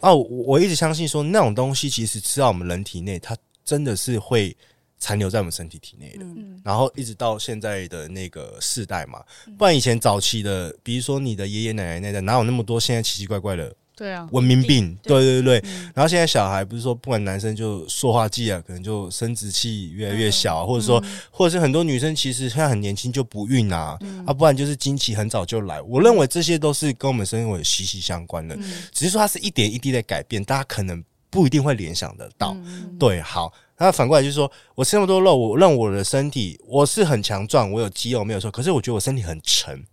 哦，我一直相信說，那種東西其實吃到我們人體內，它真的是會殘留在我們身體體內的。然後一直到現在的那個世代嘛，不然以前早期的，比如說你的爺爺奶奶那代，哪有那麼多現在奇奇怪怪的？對啊，文明病，病對對對，對。嗯、然後現在小孩不是說，不管男生就塑化劑，啊，可能就生殖器越來越小，啊，或者說，嗯、或者是很多女生其實現在很年輕就不孕啊，嗯、啊，不然就是經期很早就來。我認為這些都是跟我們生活有息息相關的，嗯、只是說它是一點一滴的改變，大家可能不一定會聯想得到。嗯嗯嗯對，好，那反過來就是說，我吃那麼多肉，我讓我的身體我是很強壯，我有肌肉沒有錯。可是我覺得我身體很沉，嗯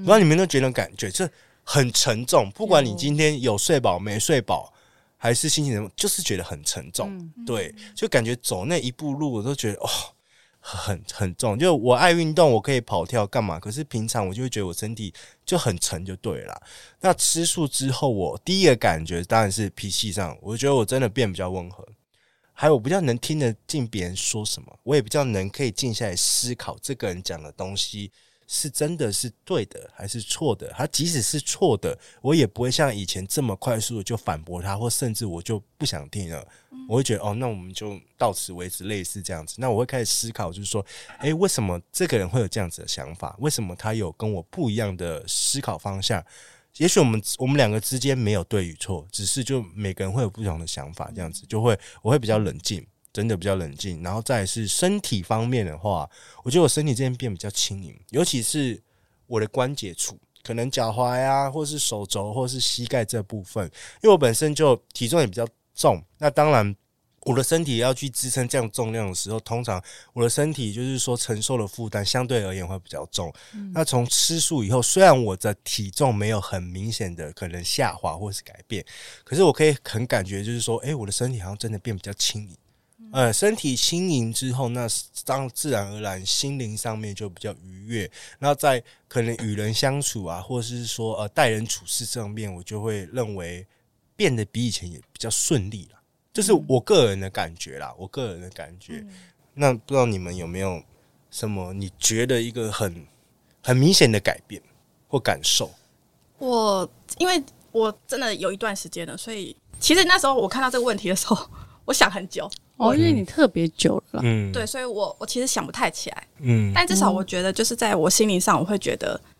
嗯不知道你們都覺得感覺這。很沉重，不管你今天有睡飽沒睡飽，還是心情就是覺得很沉重，嗯。對，就感覺走那一步路，我都覺得哦，很很重。就我愛運動，我可以跑跳幹嘛？可是平常我就會覺得我身體就很沉，就對了啦。那吃素之後我，我第一個感覺當然是脾氣上，我覺得我真的變比較溫和，還有我比較能聽得進別人說什麼，我也比較能可以靜下來思考這個人講的東西，是真的是對的還是錯的？他即使是錯的，我也不會像以前這麼快速就反駁他，或甚至我就不想聽了。我會覺得哦，那我們就到此為止，類似這樣子。那我會開始思考，就是說，欸，為什麼這個人會有這樣子的想法？為什麼他有跟我不一樣的思考方向？也許我們我們兩個之間沒有對與錯，只是就每個人會有不同的想法，這樣子就會我會比較冷靜。真的比較冷靜，然後再來是身體方面的話，我覺得我身體這邊變比較輕盈，尤其是我的關節處，可能腳踝啊，或是手肘，或是膝蓋這部分，因為我本身就體重也比較重，那當然我的身體要去支撐這樣重量的時候，通常我的身體就是說承受的負擔相對而言會比較重。嗯、那從吃素以後，雖然我的體重沒有很明顯的可能下滑或是改變，可是我可以很感覺就是說，誒、欸，我的身體好像真的變比較輕盈。呃，身體輕盈之後，那當自然而然，心靈上面就比較愉悅。然後在可能與人相處啊，或者是說呃，待人處事這方面，我就會認為變得比以前也比較順利了。就是我個人的感覺啦，嗯、我個人的感覺、嗯。那不知道你們有沒有什麼你覺得一個很很明顯的改變或感受？我因為我真的有一段時間了，所以其實那時候我看到這個問題的時候，我想很久。哦，因為你特別久了、嗯，對，所以我我其實想不太起來，嗯，但至少我覺得，就是在我心理上，我會覺得、嗯，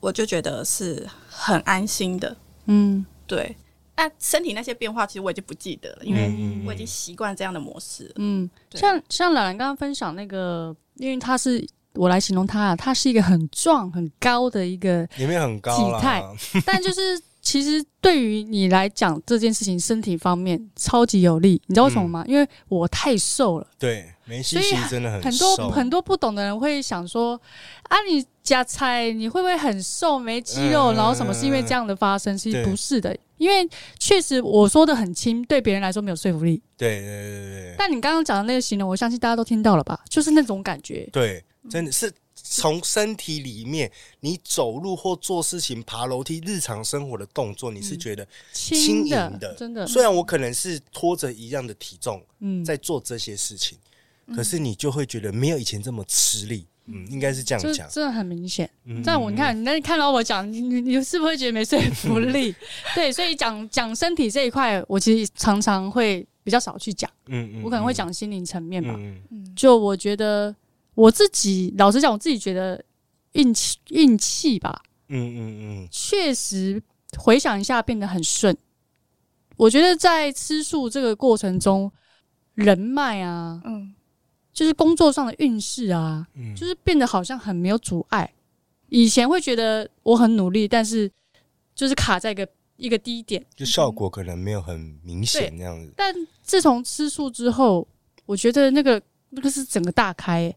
我就覺得是很安心的，嗯，對。那身體那些變化，其實我已經不記得了，因為我已經習慣這樣的模式，嗯。對，像像老藍剛剛分享那個，因為他是我來形容他、啊，他是一個很壯很高的一個體，裡面很高體態，但就是。 其實對於你來講這件事情，身體方面超級有利，你知道為什麼嗎？因為我太瘦了，對，沒信心，真的很瘦很多很多不懂的人會想說：“啊，你吃菜，你會不會很瘦、沒肌肉，然後什麼？”是因為這樣的發生，其實不是的，因為確實我說得很輕，對別人來說沒有說服力。對對對對。但你剛剛講的那個形容，我相信大家都聽到了吧？就是那種感覺，對，真的是。從身體裡面，你走路或做事情、爬樓梯、日常生活的動作，嗯、你是覺得輕盈的，輕的，真的。雖然我可能是拖着一樣的體重，嗯，在做這些事情、嗯，可是你就會覺得沒有以前這麼吃力，嗯，嗯應該是這樣講、嗯嗯，真的很明顯。但你看，那你但是看到我講，你你是不是會覺得沒說服力？對，所以講講身體這一塊，我其實常常會比較少去講，嗯，嗯，嗯，我可能會講心靈層面吧，嗯，嗯，就我覺得。我自己老實講，我自己覺得運氣運氣吧，嗯嗯嗯，確實回想一下變得很順。我覺得在吃素這個過程中，人脈啊，嗯，就是工作上的運勢啊，嗯，就是變得好像很沒有阻礙。以前會覺得我很努力，但是就是卡在一個一個低點，就效果可能沒有很明顯那樣子。嗯、但自從吃素之後，我覺得那個那個是整個大開、欸。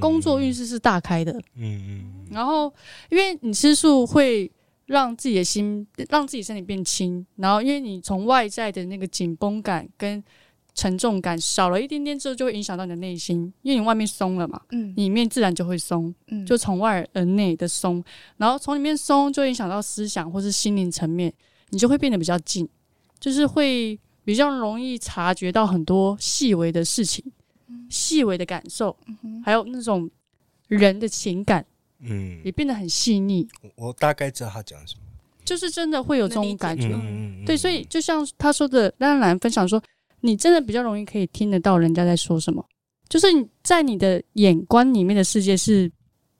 工作運勢是大開的，嗯嗯，然後因為你吃素會讓自己的心、讓自己身體變輕，然後因為你從外在的那個緊繃感跟沉重感少了一點點之後，就會影響到你的內心，因為你外面鬆了嘛，嗯，裡面自然就會鬆，嗯，就從外而內的鬆，然後從裡面鬆就會影響到思想或是心靈層面，你就會變得比較靜，就是會比較容易察覺到很多細微的事情。細微的感受、嗯，還有那種人的情感，嗯，也變得很細膩。我大概知道他講什麼，就是真的會有這種感覺。對嗯嗯嗯嗯，所以就像他說的，當、嗯、然、嗯嗯、分享說，你真的比較容易可以聽得到人家在說什麼，就是你在你的眼光裡面的世界是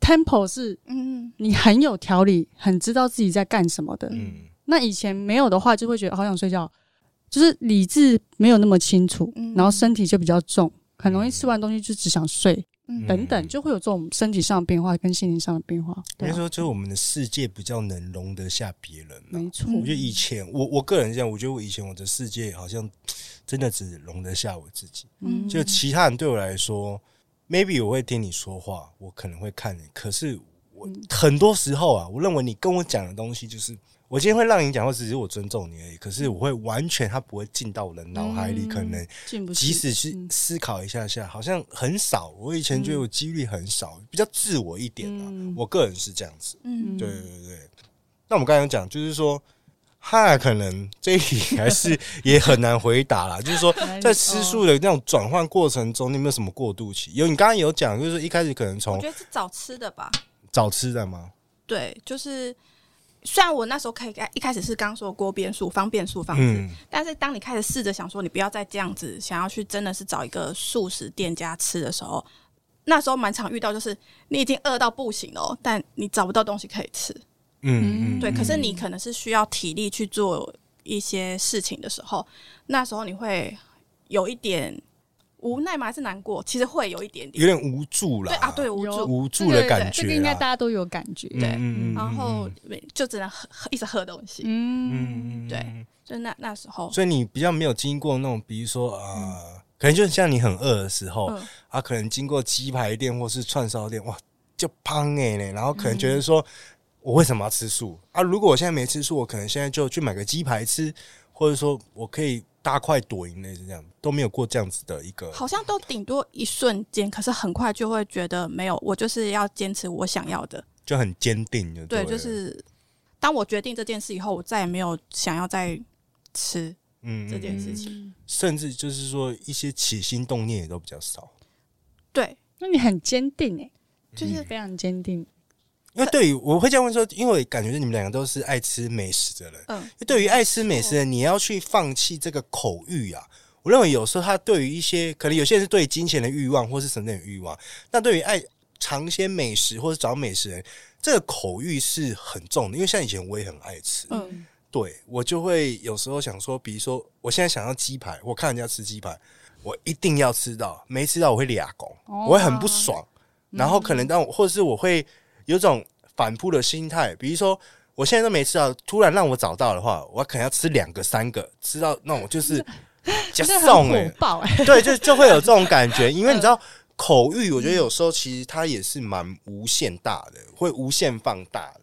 temple，是嗯，嗯，是你很有條理，很知道自己在幹什麼的。嗯，嗯，那以前沒有的話，就會覺得好想睡覺，就是理智沒有那麼清楚，然後身體就比較重。嗯嗯嗯很容易吃完東西就只想睡，嗯、等等，就會有這種身體上的變化跟心靈上的變化。可、嗯、以、啊、說，就是我們的世界比較能容得下別人。沒錯，我覺得以前我我個人這樣，我覺得我以前我的世界好像真的只容得下我自己。嗯，就其他人對我來說，maybe 我會聽你說話，我可能會看你，可是我、嗯、很多時候啊，我認為你跟我講的東西就是。我今天會讓你講話只是我尊重你而已。可是我會完全，他不會進到我的腦海裡、嗯。可能即使是思考一下下、嗯，好像很少。我以前覺得幾率很少、嗯，比較自我一點的、啊嗯。我個人是這樣子。嗯，對對對。那我們剛剛有講，就是說，哈，可能這一題還是也很難回答啦。 就是說，在吃素的那種轉換過程中，你有沒有什麼過渡期？有，你剛剛有講，就是說一開始可能從覺得是找吃的吧，找吃的嗎？對，就是。雖然我那時候可以開，一開始是剛說鍋邊素、方便素、方、嗯、便，但是當你開始試着想說，你不要再這樣子想要去真的是找一個素食店家吃的時候，那時候蠻常遇到，就是你已經餓到不行了，但你找不到東西可以吃。嗯,嗯,嗯，對。可是你可能是需要體力去做一些事情的時候，那時候你會有一點。無奈嘛，還是難過？其實會有一點點，有點無助了。對啊對，對，無助無助的感覺對對對，這個應該大家都有感覺、嗯。對，然後就只能喝一直喝東西。嗯，對，就那那時候，所以你比較沒有經過那種，比如說啊、呃嗯，可能就像你很餓的時候、嗯、啊，可能經過雞排店或是串燒店，哇，就香哎嘞，然後可能覺得說，嗯、我為什麼要吃素啊？如果我現在沒吃素，我可能現在就去買個雞排吃。或者說我可以大快朵頤，類似這樣，都沒有過這樣子的一個，好像都頂多一瞬間，可是很快就會覺得沒有，我就是要堅持我想要的，就很堅定對。對，就是當我決定這件事以後，我再也沒有想要再吃，嗯，這件事情嗯嗯嗯，甚至就是說一些起心動念也都比較少。對，那你很堅定哎，就是非常堅定。嗯因為對於我會這樣問說，因為感覺你們兩個都是愛吃美食的人。嗯，對於愛吃美食的人，你要去放棄這個口欲啊。我認為有時候他對於一些可能有些人是對金錢的欲望，或是什麼的欲望。那對於愛嘗鮮美食或者找美食人，這個口欲是很重的。因為像以前我也很愛吃，嗯，對，我就會有時候想說，比如說我現在想要雞排，我看人家吃雞排，我一定要吃到，沒吃到我會啞牙，我會很不爽。然後可能當我或者是我會。有種反撲的心態，比如說我現在都沒吃到，突然讓我找到的話，我可能要吃兩個、三個，吃到那種就是獎送哎，對，就就會有這種感覺。因為你知道、呃、口欲，我覺得有時候其實它也是蠻無限大的、嗯，會無限放大的。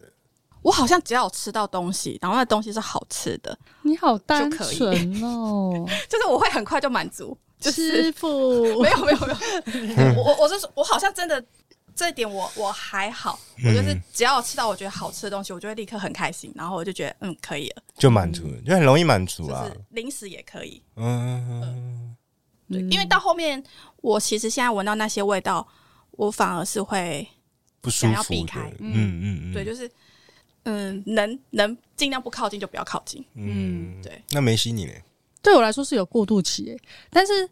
我好像只要吃到東西，然後那東西是好吃的，你好單純哦、喔，就， 就是我會很快就滿足。就是就是、師父， 沒有沒有沒有， 嗯、我我是我，我好像真的。這一點我我還好，我就是只要吃到我覺得好吃的東西、嗯，我就會立刻很開心，然後我就覺得嗯可以了，就滿足了，了、嗯，就很容易滿足啊。就是、零食也可以，嗯嗯嗯、呃，對嗯，因為到後面我其實現在聞到那些味道，我反而是會不舒服想要避開，嗯嗯嗯，對，就是嗯能能盡量不靠近就不要靠近，嗯對。那梅西你呢？對我來說是有過渡期耶，但是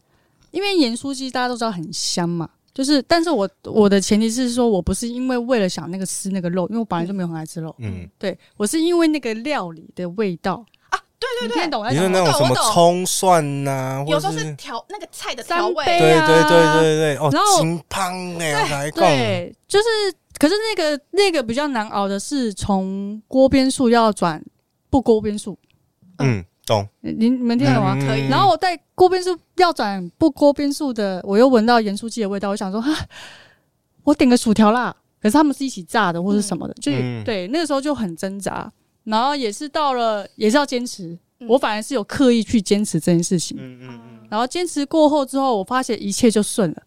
因為鹽酥雞大家都知道很香嘛。就是，但是我我的前提是說，我不是因為為了想那個吃那個肉，因為我本來就沒有很愛吃肉，嗯，對我是因為那個料理的味道啊，對對對，你懂我你就那種什麼蔥蒜吶、啊，有時候是調那個菜的香味、啊，對對對對對，哦，清湯哎，對，就是，可是那個那個比較難熬的是從鍋邊素要轉不鍋邊素，嗯。嗯懂，你你們聽得懂嗎？可以。然後我在鍋邊素要轉不鍋邊素的，我又聞到鹽酥雞的味道，我想說哈，我點個薯條啦。可是他們是一起炸的，或是什麼的，就對。那個時候就很掙扎，然後也是到了，也是要堅持。我反而是有刻意去堅持這件事情。嗯嗯。然後堅持過後之後，我發現一切就順了。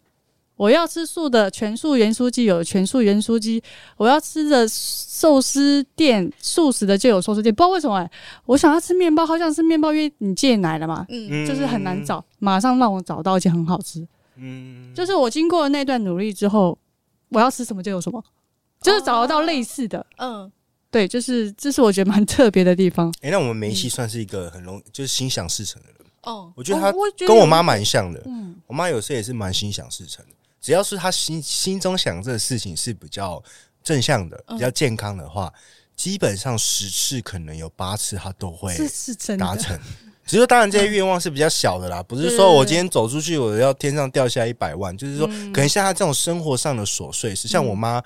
我要吃素的全素原素雞有全素原素雞，我要吃的壽司店素食的就有壽司店。不知道為什麼哎、欸，我想要吃麵包，好像是麵包，因為你戒奶了嘛，嗯，就是很難找，馬上讓我找到一件很好吃，嗯，就是我經過那段努力之後，我要吃什麼就有什麼，就是找得到類似的，嗯，對，就是這是我覺得蠻特別的地方、嗯。哎、嗯嗯欸，那我們梅西算是一個很容易就是心想事成的人，哦，我覺得他跟我媽蠻像的，嗯，我媽有時候也是蠻心想事成。的、嗯。只要是他心心中想這個事情是比較正向的、比較健康的話，嗯、基本上十次可能有八次他都會達成。只是說當然這些願望是比較小的啦，不是說我今天走出去我要天上掉下一百萬，對對對對，就是說可能像他這種生活上的瑣碎是，是、嗯、像我媽，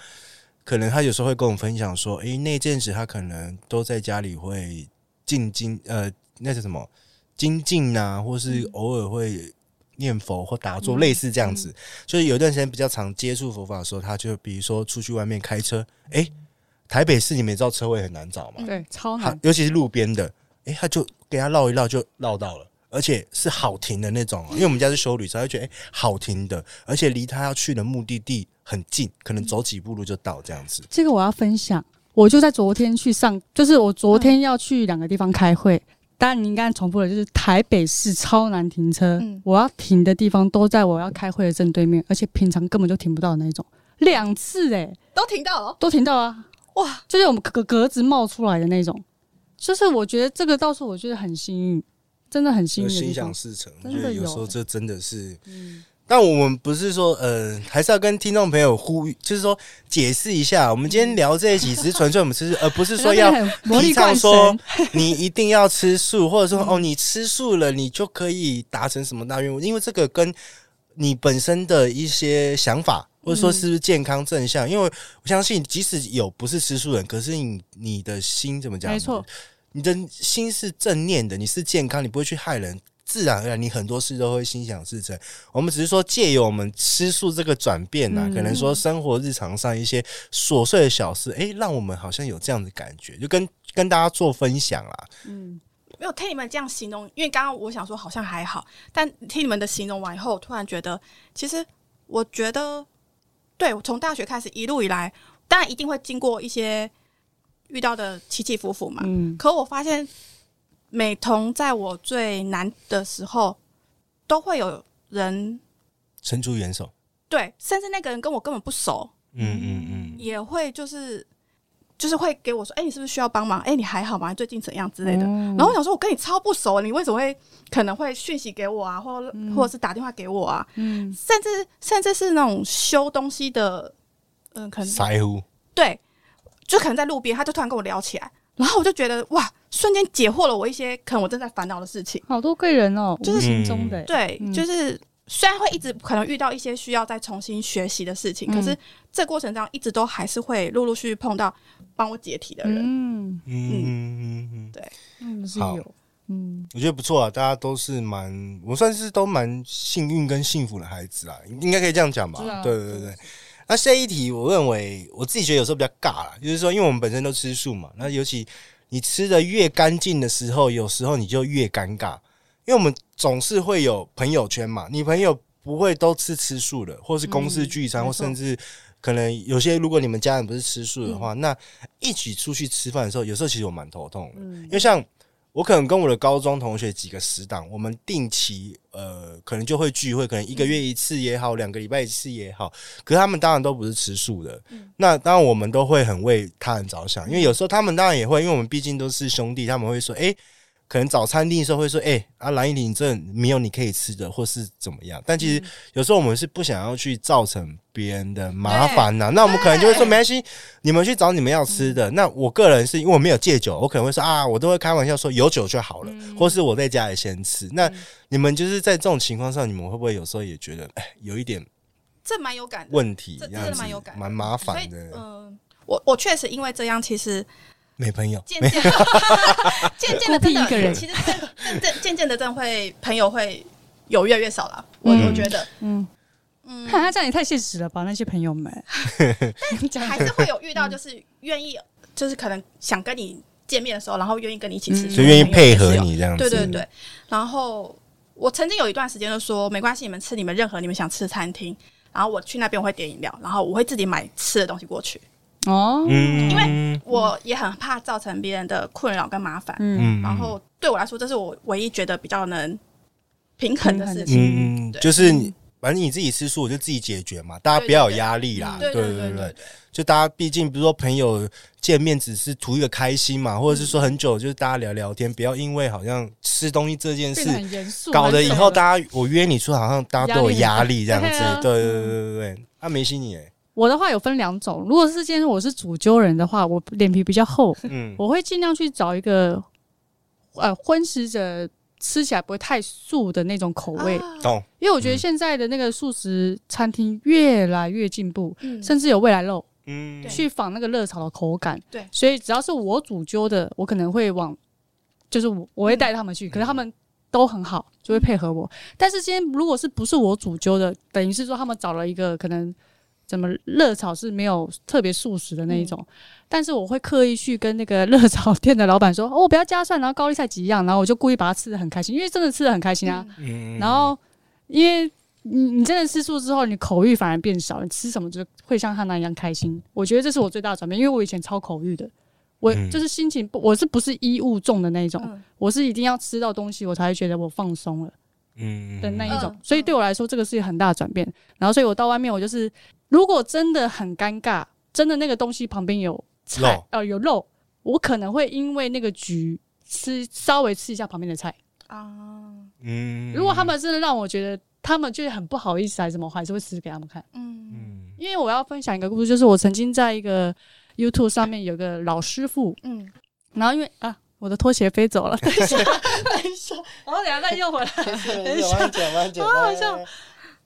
可能她有時候會跟我分享說，哎、嗯欸、那陣子她可能都在家裡會進精呃那是什麼精進吶，或是偶爾會。念佛或打坐，類似這樣子。所、嗯、以有一段時間比較常接觸佛法的時候，他就比如說出去外面開車，欸、台北市你們也知道車位很難找嘛，嗯、對，超難，尤其是路邊的、欸，他就給他繞一繞就繞到了，而且是好停的那種，因為我們家是休旅車，所以他就覺得、欸、好停的，而且離他要去的目的地很近，可能走幾步路就到這樣子。這個我要分享，我就在昨天去上，就是我昨天要去兩個地方開會。嗯當然，你應該重複的就是台北市超難停車，嗯，我要停的地方都在我要開會的正對面，而且平常根本就停不到的那種。兩次哎、欸，都停到了，都停到啊！哇，就是我們格格子冒出來的那種，就是我覺得這個到處我覺得很幸運，真的很幸運，心想事成。真的有，、欸、有時候這真的是。嗯但我們不是說，呃，還是要跟聽眾朋友呼籲，就是說解釋一下，嗯，我們今天聊這一期是純粹我們吃素， 而不是說要提倡說你一定要吃素，或者說、嗯、哦，你吃素了，你就可以達成什麼大願望。因為這個跟你本身的一些想法，或者說是不是健康正向，嗯、因為我相信，即使有不是吃素人，可是你你的心怎麼講？沒錯，你的心是正念的，你是健康，你不會去害人。自然而然，你很多事都會心想事成。我們只是說借由我們吃素這個轉變吶、啊，可能說生活日常上一些瑣碎的小事，哎，讓我們好像有這樣的感覺，就跟跟大家做分享啦。嗯，沒有聽你們這樣形容，因為剛剛我想說好像還好，但聽你們的形容完以後，突然覺得其實我覺得，對，我從大學開始一路以來，當然一定會經過一些遇到的起起伏伏嘛。嗯，可我發現。美瞳在我最難的時候，都會有人伸出援手。對，甚至那個人跟我根本不熟。嗯嗯嗯，也會就是就是會給我說：“哎、欸，你是不是需要幫忙？哎、欸，你還好嗎？最近怎樣之類的。嗯”然後我想說：“我跟你超不熟，你為什麼會可能會訊息給我啊？或、嗯、或者是打電話給我啊？”嗯，甚至甚至是那種修東西的，嗯、呃，可能腮鬍。對，就可能在路邊，他就突然跟我聊起來。然後我就覺得哇，瞬間解惑了我一些可能我正在煩惱的事情。好多貴人哦、喔，就是心中的、欸、對、嗯，就是雖然會一直可能遇到一些需要再重新學習的事情、嗯，可是這過程中一直都還是會陸陸續續碰到幫我解題的人。嗯嗯嗯嗯、嗯，對，是有好嗯，我覺得不錯啊，大家都是蠻，我算是都蠻幸運跟幸福的孩子啦，應該可以這樣講吧？對對對對。是那下一題，我認為我自己覺得有時候比較尬啦。就是說，因為我們本身都吃素嘛，那尤其你吃得越乾淨的時候，有時候你就越尷尬，因為我們總是會有朋友圈嘛，你朋友不會都吃吃素的，或是公司聚餐，或甚至可能有些如果你們家人不是吃素的話，那一起出去吃飯的時候，有時候其實我蠻頭痛的，因為像。我可能跟我的高中同學幾個死黨，我們定期呃，可能就會聚會，可能一個月一次也好，兩個禮拜一次也好。可是他們當然都不是吃素的。嗯，那當然我們都會很為他人着想，因為有時候他們當然也會，因為我們畢竟都是兄弟，他們會說，誒、欸。可能找餐廳的時候會說：“哎、欸、啊，藍一林這沒有你可以吃的，或是怎麼樣？”但其實有時候我們是不想要去造成別人的麻煩吶、啊嗯。那我們可能就會說：“沒關係，你們去找你們要吃的。嗯”那我個人是因為我沒有戒酒，我可能會說：“啊，我都會開玩笑說有酒就好了，嗯、或是我在家裡先吃。嗯”那你們就是在這種情況上，你們會不會有時候也覺得欸，有一點這蠻有感問題，這樣蠻有感蠻麻煩的？嗯、呃，我我確實因為這樣，其實。沒朋友，漸漸漸漸的第 的 一個人、嗯，其實漸漸漸漸的真的會朋友會有越來越少了、嗯，我我覺得，嗯嗯，看他這樣也太現實了吧？那些朋友們， 但還是會有遇到，就是願意，就是可能想跟你見面的時候，然後願意跟你一起吃，就願意配合你這樣，對對對，對。然後我曾經有一段時間就說，沒關係，你們吃你們任何你們想吃餐廳，然後我去那邊我會點飲料，然後我會自己買吃的東西過去。哦，因為我也很怕造成別人的困擾跟麻煩，嗯，然後對我來說，這是我唯一覺得比較能平衡的事情。情，嗯，就是你、嗯、反正你自己吃素，我就自己解決嘛，大家不要有壓力啦，對對對、對、對、對對對，就大家畢竟比如說朋友見面只是圖一個開心嘛，嗯、或者是說很久就是大家聊聊天，不要因為好像吃東西這件事搞得以後大家我約你出來，好像大家都有壓力這樣子，對對對對對，阿、嗯、梅西你、欸。我的話有分兩種，如果是今天我是主揪人的話，我臉皮比較厚，嗯，我會盡量去找一個呃葷食者，吃起來不會太素的那種口味，啊，因為我覺得現在的那個素食餐廳越來越進步，嗯，甚至有未來肉，嗯，去仿那個熱炒的口感，對。所以只要是我主揪的，我可能會往，就是我我會帶他們去，嗯、可能他們都很好，就會配合我，嗯。但是今天如果是不是我主揪的，等於是說他們找了一個可能。什麼熱炒是沒有特別素食的那一種、嗯，但是我會刻意去跟那個熱炒店的老板說，哦，我不要加蒜，然後高麗菜幾樣，然後我就故意把它吃得很開心，因為真的吃得很開心啊。嗯、然後因為你你真的吃素之後，你口欲反而變少，你吃什麼就會像他那一樣開心。我覺得這是我最大的轉變，因為我以前超口欲的，我、嗯、就是心情不，我是不是衣物重的那一種、嗯，我是一定要吃到東西，我才會覺得我放鬆了。嗯，嗯的那一種，所以對我來說，這個是一個很大的轉變。然後，所以我到外面，我就是如果真的很尷尬，真的那個東西旁邊有菜、呃、有肉，我可能會因為那個局吃稍微吃一下旁邊的菜啊。嗯，如果他們真的讓我覺得他們就是很不好意思還是什麼，我還是會吃給他們看。嗯，因為我要分享一個故事，就是我曾經在一個 YouTube 上面有個老師傅，嗯，然後因為啊。我的拖鞋飛走了，等一下， 等一下，然 後等一下再又回來。慢 講，慢講。好像，嘿嘿嘿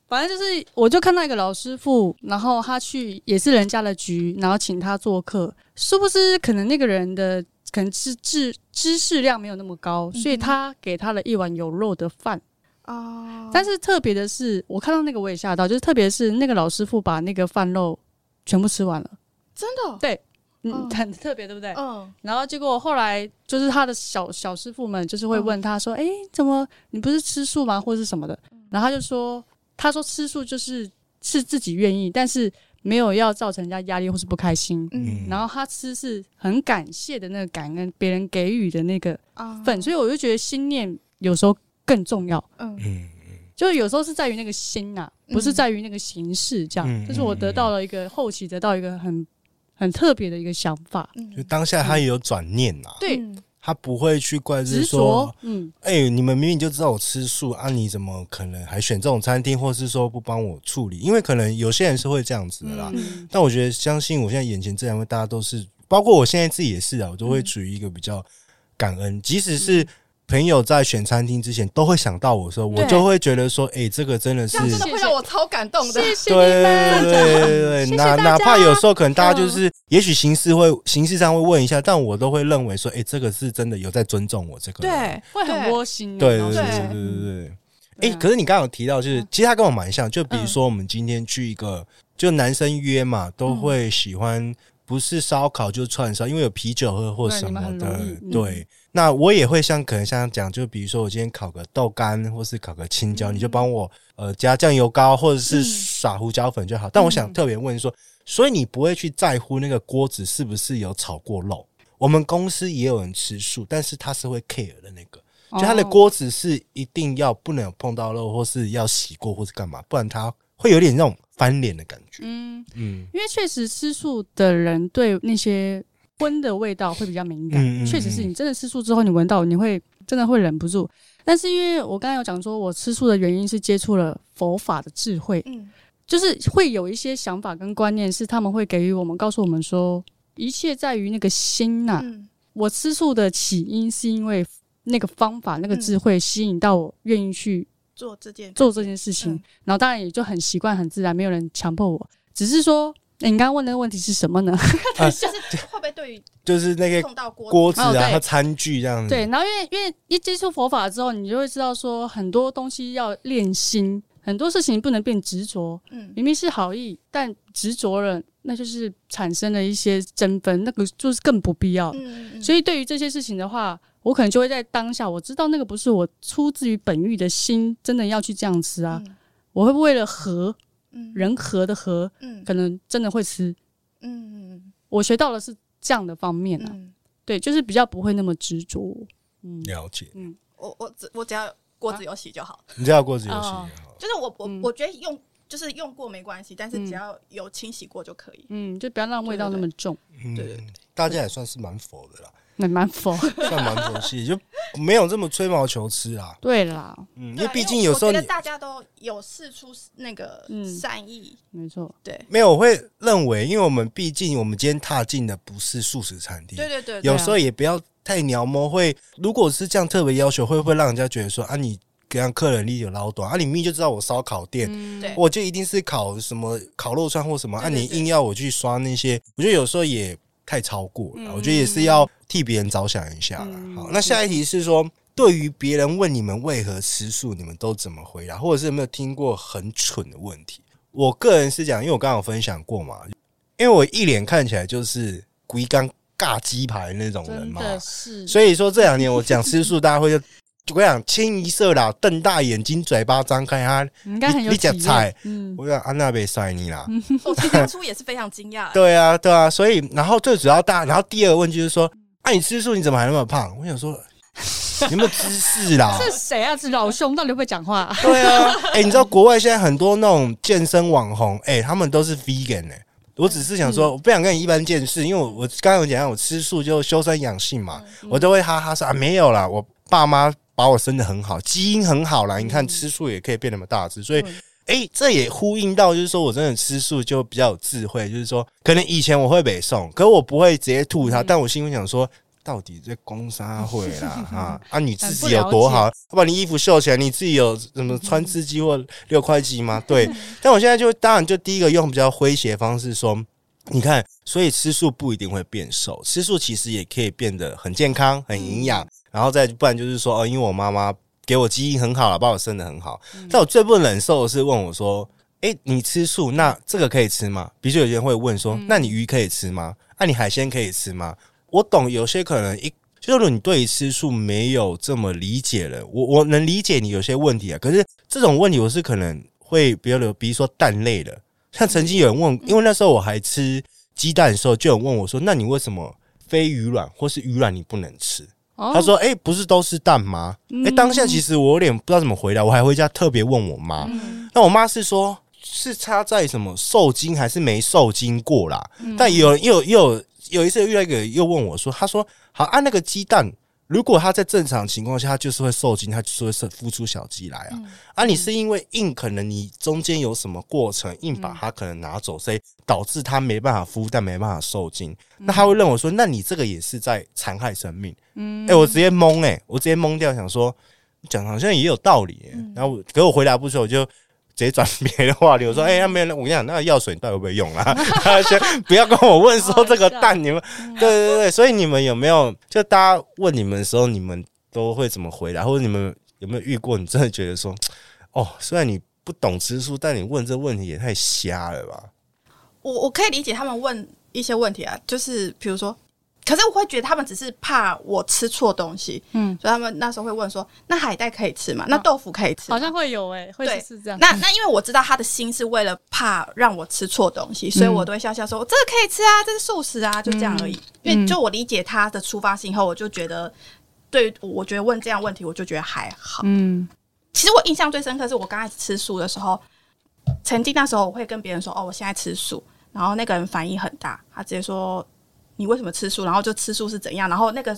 反正就是，我就看到一個老師傅，然後他去也是人家的局，然後請他做客。殊不知，可能那個人的可能是知知，知識量沒有那麼高，所以他給他了一碗有肉的飯。哦、嗯。但是特別的是，我看到那個我也嚇到，就是特別是那個老師傅把那個飯肉全部吃完了。真的、哦。對。嗯，很特別，oh. 對不對？嗯、oh.。然後結果後來就是他的小小師傅們就是會問他說：“哎、oh.，怎麼你不是吃素嗎？或者是什麼的？” oh. 然後他就說：“他說吃素就是是自己願意，但是沒有要造成人家壓力或是不開心。嗯、oh.。然後他吃是很感謝的那個感恩別人給予的那個啊粉，oh. 所以我就覺得心念有時候更重要。嗯嗯嗯，就是有時候是在於那個心吶、啊，不是在於那個形式這樣。Oh. 就是我得到了一個、oh. 後期得到一個很，很特別的一個想法，就當下他也有轉念啊。對、嗯，他不會去怪是說嗯，哎、欸，你們明明就知道我吃素，啊，你怎麼可能還選這種餐廳，或是說不幫我處理？因為可能有些人是會這樣子的啦。嗯、但我覺得，相信我現在眼前這兩位大家都是，包括我現在自己也是啊，我都會處於一個比較感恩，嗯、即使是。朋友在選餐廳之前都會想到我說，我就會覺得說，哎、欸，這個真的是真的會讓我超感動。的。謝謝」對，對，對，對對對,對,對，對、啊。哪怕有時候可能大家就是，嗯、也許形式會形式上會問一下，但我都會認為說，哎、欸，這個是真的有在尊重我這個人，對，會很窩心。對對對對對對，哎、欸，啊，可是你剛剛有提到就是、嗯，其實他跟我蠻像，就比如說我們今天去一個，嗯、就男生約嘛，都會喜歡不是燒烤就串燒、嗯，因為有啤酒喝或什麼的，對。那我也會像可能像這樣講，就比如說我今天烤個豆干，或是烤個青椒，你就幫我呃加醬油膏，或者是撒胡椒粉就好。但我想特別問說，所以你不會去在乎那個鍋子是不是有炒過肉？我們公司也有人吃素，但是他是會 care 的那個，就他的鍋子是一定要不能碰到肉，或是要洗過，或是乾嘛，不然他會有點那種翻臉的感覺嗯。嗯嗯，因為確實吃素的人對那些。葷的味道會比較敏感，確、嗯嗯嗯嗯、實是你真的吃素之後，你聞到你會真的會忍不住。但是因為我剛才有講說，我吃素的原因是接觸了佛法的智慧，嗯，就是會有一些想法跟觀念是他們會給予我們，告訴我們說一切在於那個心吶、啊嗯。我吃素的起因是因為那個方法、那個智慧吸引到我，願意去做這件做這件事情、嗯，然後當然也就很習慣、很自然，沒有人強迫我，只是說。欸、你剛剛問的那個問題是什麼呢？啊、 就是會不會對於就是那個鍋子啊，子啊餐具這樣子。對，然後因為因為一接觸佛法之後，你就會知道說很多東西要練心，很多事情不能變執着。嗯，明明是好意，但執着了，那就是產生了一些爭分，那個就是更不必要。所以對於這些事情的話，我可能就會在當下，我知道那個不是我出自於本欲的心，真的要去這樣子啊，我會不會為了和。人和的和、嗯，可能真的會吃。嗯，我學到的是這樣的方面啊，嗯、對，就是比較不會那麼執着。嗯，了解。嗯，我我只我只要鍋子有洗就好。啊、你只要鍋子有洗就好，哦。就是我我，嗯、我覺得用就是用過沒關係，但是只要有清洗過就可以。嗯，嗯，就不要讓味道那麼重。對，對，對，對，對，對，嗯，大家也算是蠻佛的啦。蠻佛 算蠻佛系，就沒有這麼吹毛求疵啦，啊。 對啦，嗯，因為畢竟有時候覺得大家都有釋出那個善意，嗯，沒錯。對，沒有，我會認為，因為我們畢竟我們今天踏進的不是素食餐廳，對對對，對，啊，有時候也不要太描摹。會如果是這樣特別要求，會不會讓人家覺得說啊，你給讓客人立有老短啊，你明明就知道我燒烤店，嗯，對，我就一定是烤什麼烤肉串或什麼，對對對對啊，你硬要我去刷那些，我覺得有時候也。太超過了，我覺得也是要替別人着想一下了。好，那下一題是說，對於別人問你們為何吃素，你們都怎麼回答，或者是有沒有聽過很蠢的問題？我個人是講，因為我剛剛有分享過嘛，因為我一臉看起來就是龜缸尬雞排那種人嘛，是，所以說這兩年我講吃素，大家會就。我想，清一色啦，瞪大眼睛，嘴巴張開，他、啊，你講菜，嗯、我想安娜被塞你、啊、啦。我起初也是非常驚訝。對啊，對啊，所以然後最主要大，然後第二個問就是說，啊，你吃素你怎麼還那麼胖？我想說，你有沒有姿勢啦？是誰啊？是老兄到底會不會講話？對啊，哎、欸，你知道國外現在很多那種健身網紅，哎、欸，他們都是 vegan 誒、欸。我只是想說、嗯，我不想跟你一般見識，因為我我剛剛有講，我吃素就修身養性嘛，我都會哈哈說啊，沒有啦，我爸媽把我生得很好，基因很好啦。你看吃素也可以變那麼大隻，所以誒、欸，這也呼應到就是說我真的吃素就比較有智慧。就是說，可能以前我會被送，可我不會直接吐它。嗯、但我心裡想說，到底這公蝦毀啦？嗯、啊、嗯、啊，你自己有多好？他把你衣服秀起來，你自己有什麼川字肌或六塊肌嗎？對、嗯。但我現在就當然就第一個用比較詼諧方式說，你看，所以吃素不一定會變瘦，吃素其實也可以變得很健康、很營養。嗯然後再不然就是說哦，因為我媽媽給我基因很好了，把我生得很好、嗯。但我最不能忍受的是問我說：“哎，你吃素？那這個可以吃嗎？”比如說有些人會問說、嗯：“那你魚可以吃嗎？”“啊，你海鮮可以吃嗎？”我懂，有些可能一就是說你對吃素沒有這麼理解了。我我能理解你有些問題啊，可是這種問題我是可能會比較比如說蛋類的，像曾經有人問，因為那時候我還吃雞蛋的時候，就有人問我說：“那你為什麼非魚卵或是魚卵你不能吃？” Oh. 他說：“哎、欸，不是都是蛋嗎？哎、嗯欸，當下其實我有點不知道怎麼回答。我還回家特別問我媽、嗯，那我媽是說，是差在什麼受精還是沒受精過啦、嗯、但有又又有，有一次遇到一個人又問我說，他說好按、啊、那個雞蛋。”如果它在正常情況下，它就是會受精，它就是會是孵出小雞來啊！嗯、啊，你是因為硬可能你中間有什麼過程，硬把它可能拿走，所以導致它沒辦法孵，但沒辦法受精。那他會認為說，那你這個也是在殘害生命。嗯。哎、欸，我直接懵誒、欸，我直接懵掉，想說講的好像也有道理、欸嗯。然後給我，我回答不出，我就。直接轉別的話，比如說，哎、嗯欸，那沒有，我跟你講，那個藥水你到底會不會用啊？先、嗯、 不要跟我問說這個蛋，哦、你們、嗯、對對對、嗯，所以你們有沒有就大家問你們的時候，你們都會怎麼回答？或者你們有沒有遇過，你真的覺得說，哦，雖然你不懂吃素，但你問這問題也太瞎了吧？我我可以理解他們問一些問題啊，就是比如說。可是我會覺得他們只是怕我吃錯東西，嗯，所以他們那時候會問說：“那海帶可以吃嗎，啊？那豆腐可以吃嗎？”好像會有誒、欸，對，是這樣。那那因為我知道他的心是為了怕讓我吃錯東西，所以我都會笑笑說：“嗯、這個可以吃啊，這是、個、素食啊，就這樣而已。”嗯，因為就我理解他的出發性以後，我就覺得，對我覺得問這樣問題，我就覺得還好。嗯，其實我印象最深刻是我剛開始吃素的時候，曾經那時候我會跟別人說：“哦，我現在吃素。”然後那個人反應很大，他直接說。你為什麼吃素？然後就吃素是怎樣？然後那個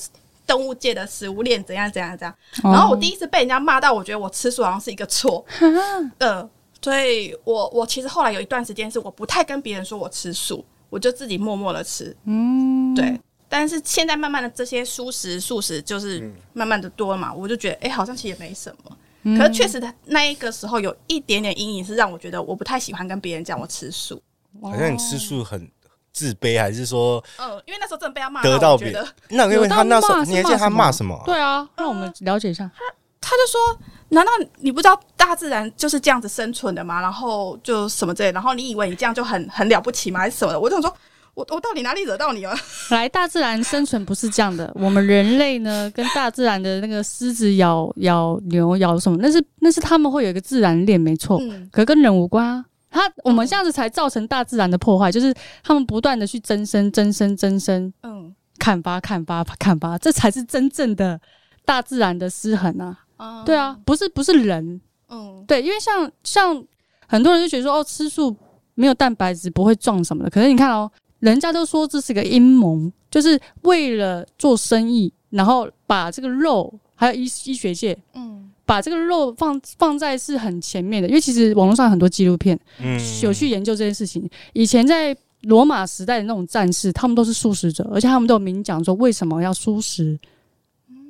動物界的食物鏈怎樣怎樣怎樣？Oh. 然後我第一次被人家罵到，我覺得我吃素好像是一個錯。嗯、 呃，所以我我其實後來有一段時間是我不太跟別人說我吃素，我就自己默默的吃。嗯，對。但是現在慢慢的這些素食素食就是慢慢的多了嘛，我就覺得哎、欸，好像其實也沒什麼。嗯、可是確實的，他那一個時候有一點點陰影，是讓我覺得我不太喜歡跟別人講我吃素。Wow. 好像你吃素很。自卑還是說，嗯，因為那時候真的被他罵，得到別的。那因為他那時候，有罵罵你還記得他罵什麼啊？對啊，那我們了解一下。呃、他他就說：“難道你，你不知道大自然就是這樣子生存的嗎？然後就什麼這，然後你以為你這樣就很很了不起嗎？還是什麼的？”我就想說，我我到底哪裡惹到你了？來，大自然生存不是這樣的。 我們人類呢，跟大自然的那個獅子咬咬，咬牛咬什麼，那是那是他們會有一個自然鏈，沒錯、嗯，可跟人無關啊。他我們這樣子才造成大自然的破壞、嗯，就是他們不斷的去增生、增生、增生，嗯，砍伐、砍伐、砍伐，這才是真正的大自然的失衡啊！嗯、對啊，不是不是人，嗯，對，因為像像很多人就覺得說，哦，吃素沒有蛋白質，不會壯什麼的。可是你看哦，人家都說這是個陰謀，就是為了做生意，然後把這個肉還有醫醫學界，嗯。把這個肉放放在是很前面的，因為其實網絡上很多紀錄片、嗯、有去研究這件事情。以前在羅馬時代的那種戰士，他們都是素食者，而且他們都有明講說為什麼要素食，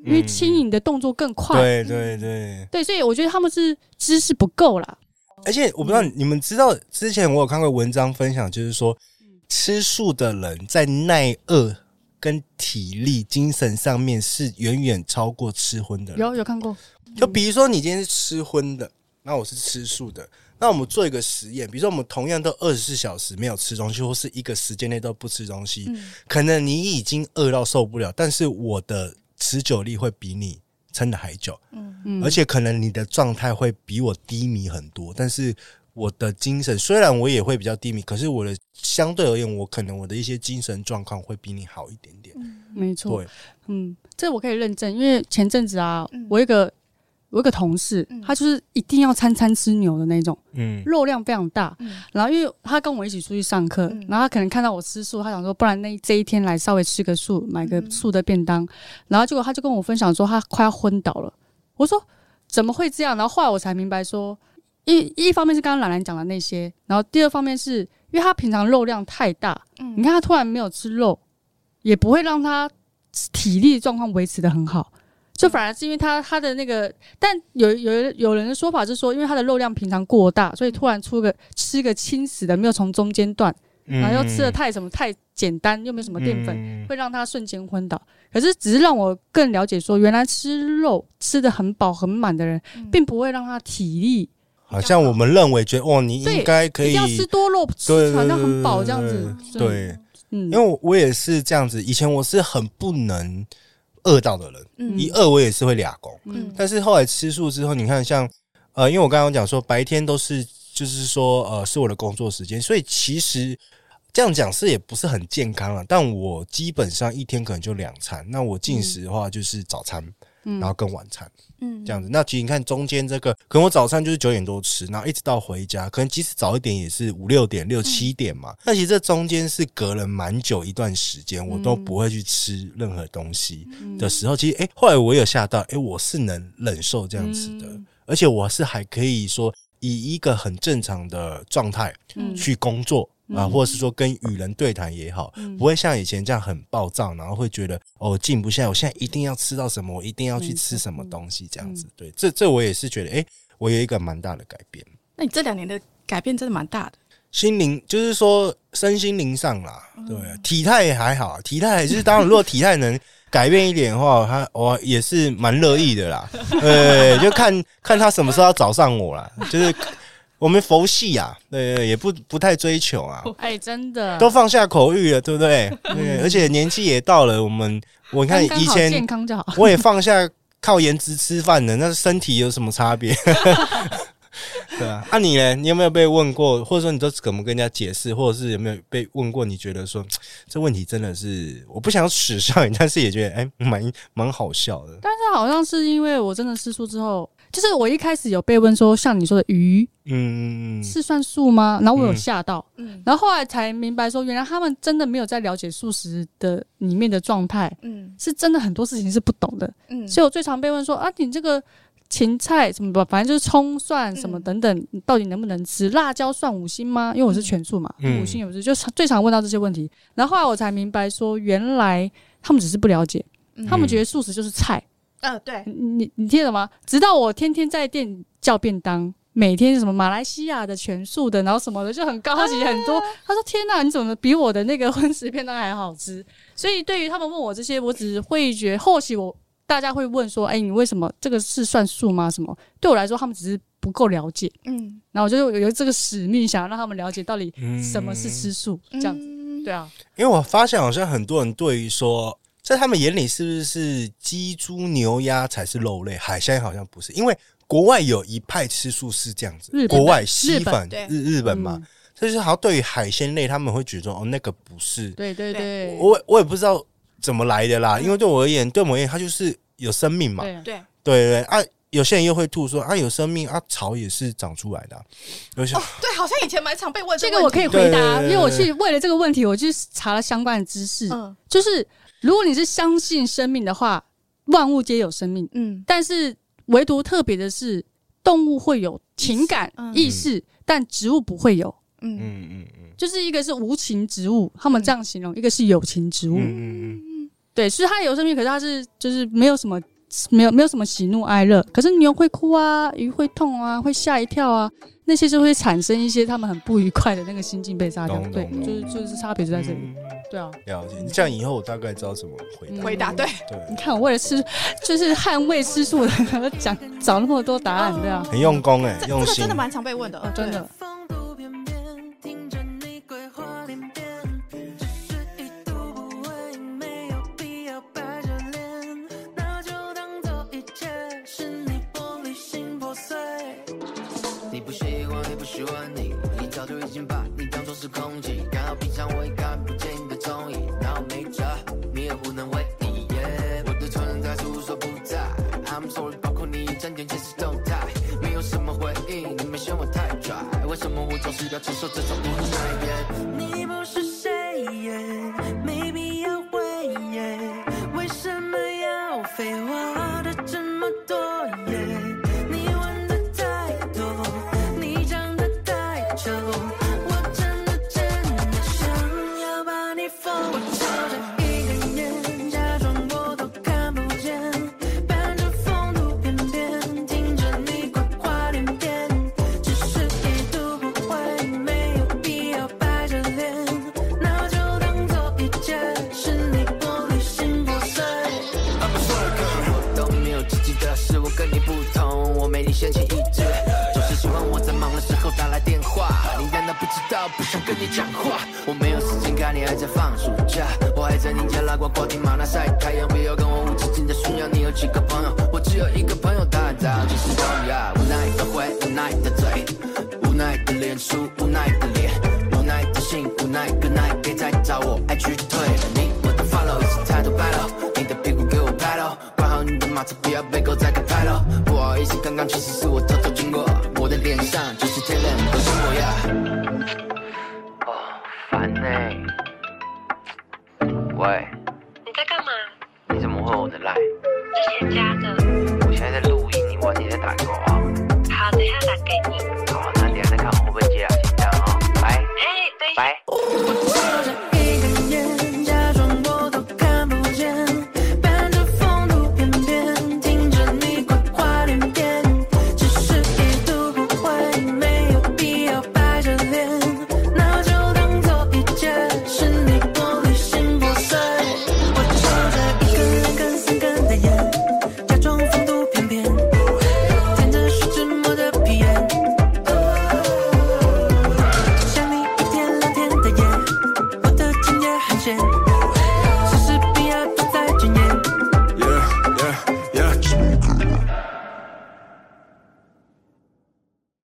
因為輕盈的動作更快、嗯。對對對，對，所以我覺得他們是知識不夠啦。而且我不知道、嗯、你們知道，之前我有看過文章分享，就是說吃素的人在耐餓。跟體力、精神上面是遠遠超過吃葷的。有有看過？就比如說，你今天是吃葷的，那我是吃素的。那我們做一個實驗，比如說，我們同樣都二十四小時沒有吃東西，或是一個時間內都不吃東西，可能你已經餓到受不了，但是我的持久力會比你撐得還久。嗯嗯，而且可能你的狀態會比我低迷很多，但是。我的精神雖然我也會比較低迷，可是我的相對而言，我可能我的一些精神狀況會比你好一點點。嗯、沒錯。對、嗯，這我可以認證，因為前陣子啊、嗯，我一個我一個同事、嗯，他就是一定要餐餐吃牛的那種，嗯，肉量非常大。嗯、然後因為他跟我一起出去上課、嗯，然後他可能看到我吃素，他想說，不然那這一天來稍微吃個素，買個素的便當。嗯、然後結果他就跟我分享說，他快要昏倒了。我說怎麼會這樣？然後後來我才明白說。一一方面是剛剛藍藍講的那些，然後第二方面是因為他平常肉量太大，嗯，你看他突然沒有吃肉，也不會讓他體力狀況維持得很好，嗯，就反而是因為他他的那個，但有有有人的說法是說，因為他的肉量平常過大，所以突然出個吃個輕食的，沒有從中間斷，然後又吃的太什麼太簡單，又沒有什麼澱粉，嗯，會讓他瞬間昏倒。可是只是讓我更了解說，原來吃肉吃得很飽很滿的人，嗯，並不會讓他體力。好像我們認為，覺得哦，你應該可以吃多肉吃，吃好像很飽這樣子，對對對對對。對，嗯，因為我也是這樣子。以前我是很不能餓到的人，嗯、一餓我也是會倆工、嗯、但是後來吃素之後，你看像、嗯、呃，因為我剛剛講說白天都是就是說呃是我的工作時間，所以其實這樣講是也不是很健康了、啊。但我基本上一天可能就兩餐，那我進食的話就是早餐。嗯然後跟晚餐，嗯，這樣子。那其實你看中間這個，可能我早餐就是九點多吃，然後一直到回家，可能即使早一點也是五六點、六七點嘛。那其實這中間是隔了蠻久一段時間，我都不會去吃任何東西的時候。其實，哎，後來我有嚇到，哎，我是能忍受這樣子的，而且我是還可以說以一個很正常的狀態去工作。啊，或者是說跟與人對談也好，不會像以前這樣很暴躁，然後會覺得哦，我靜不下來，我現在一定要吃到什麼，我一定要去吃什麼東西，這樣子。對，這這我也是覺得，哎、欸，我有一個蠻大的改變。那你這兩年的改變真的蠻大的，心靈就是說身心靈上啦，對、啊，體態也還好，體態就是當然，如果體態能改變一點的話，他 我、哦、也是蠻樂意的啦。對、 欸，就看看他什麼時候要找上我啦，就是。我們佛系呀、啊，對,對對，也不不太追求啊。哎、欸，真的，都放下口欲了，對不對？對，而且年紀也到了，我們我看以前，剛剛健康就好。我也放下靠顏值吃飯的，那身體有什麼差別？ 對啊。啊，你呢？你有沒有被問過？或者說，你都怎麼跟人家解釋？或者是有沒有被問過？你覺得說這問題真的是我不想恥笑你，但是也覺得哎，蠻、欸、蠻好笑的。但是好像是因為我真的吃素之後。就是我一開始有被問說，像你說的魚，嗯，是算素嗎？然後我有嚇到，嗯，然後後來才明白說，原來他們真的沒有在了解素食的裡面的狀態，嗯，是真的很多事情是不懂的，嗯，所以我最常被問說啊，你這個芹菜什麼，反正就是蔥蒜什麼等等，嗯、到底能不能吃？辣椒算五辛嗎？因為我是全素嘛，嗯、五辛也不是，就是最常問到這些問題。然後後來我才明白說，原來他們只是不了解、嗯，他們覺得素食就是菜。嗯，對你，你聽什麼？直到我天天在店叫便當，每天是什麼馬來西亞的全素的，然後什麼的就很高級很多。哎、他說：“天哪、啊，你怎麼比我的那個葷食便當還好吃？”所以對於他們問我這些，我只是會覺或許我大家會問說：“哎、欸，你為什麼這個是算素嗎？什麼？”對我來說，他們只是不夠了解。嗯，然後我就有這個使命，想要讓他們了解到底什麼是吃素、嗯、這樣子。對啊，因為我發現好像很多人對於說。在他們眼裡，是不是雞、豬、牛、鴨才是肉類？海鮮好像不是，因為國外有一派吃素是這樣子。日本國外日本西方日日本嘛，嗯、所以是好像對於海鮮類，他們會覺得說哦，那個不是。對對對，我我也不知道怎麼來的啦、嗯。因為對我而言，對我而言，它就是有生命嘛。對對對，對啊，有些人又會吐說啊，有生命啊，草也是長出來的、啊。有些、哦、對，好像以前蠻常被問，的問這個，我可以回答對對對對，因為我去為了這個問題，我去查了相關的知識，嗯、就是。如果你是相信生命的話，萬物皆有生命。嗯，但是唯獨特別的是，動物會有情感意思、嗯、意識，但植物不會有。嗯嗯嗯嗯，就是一個是無情植物，嗯、他們這樣形容；一個是有情植物。嗯嗯嗯，對，所以它有生命，可是它是就是沒有什麼。沒有沒有什麼喜怒哀樂，可是牛會哭啊，魚會痛啊，會嚇一跳啊，那些就會產生一些他們很不愉快的那個心境，被殺掉咚咚咚，對，嗯、就是就是差別就在這裡、嗯，對啊。了解，這樣以後我大概知道怎麼回答、嗯、回答，對，對。你看我為了吃，就是捍衛吃素的， 講找那麼多答案，對啊，嗯、很用功哎、欸，用心、這個、真的蠻常被問的，嗯哦、真的。喜歡你，你早就已經把你當作是空氣。剛好平常我也看不見你的蹤影。哪怕沒轍，你也無能為力耶、yeah, 我的存在是無所不在。I'm sorry，包括你，整天監視動態，沒有什麼回應，你們嫌我太拽。為什麼我總是要承受這種無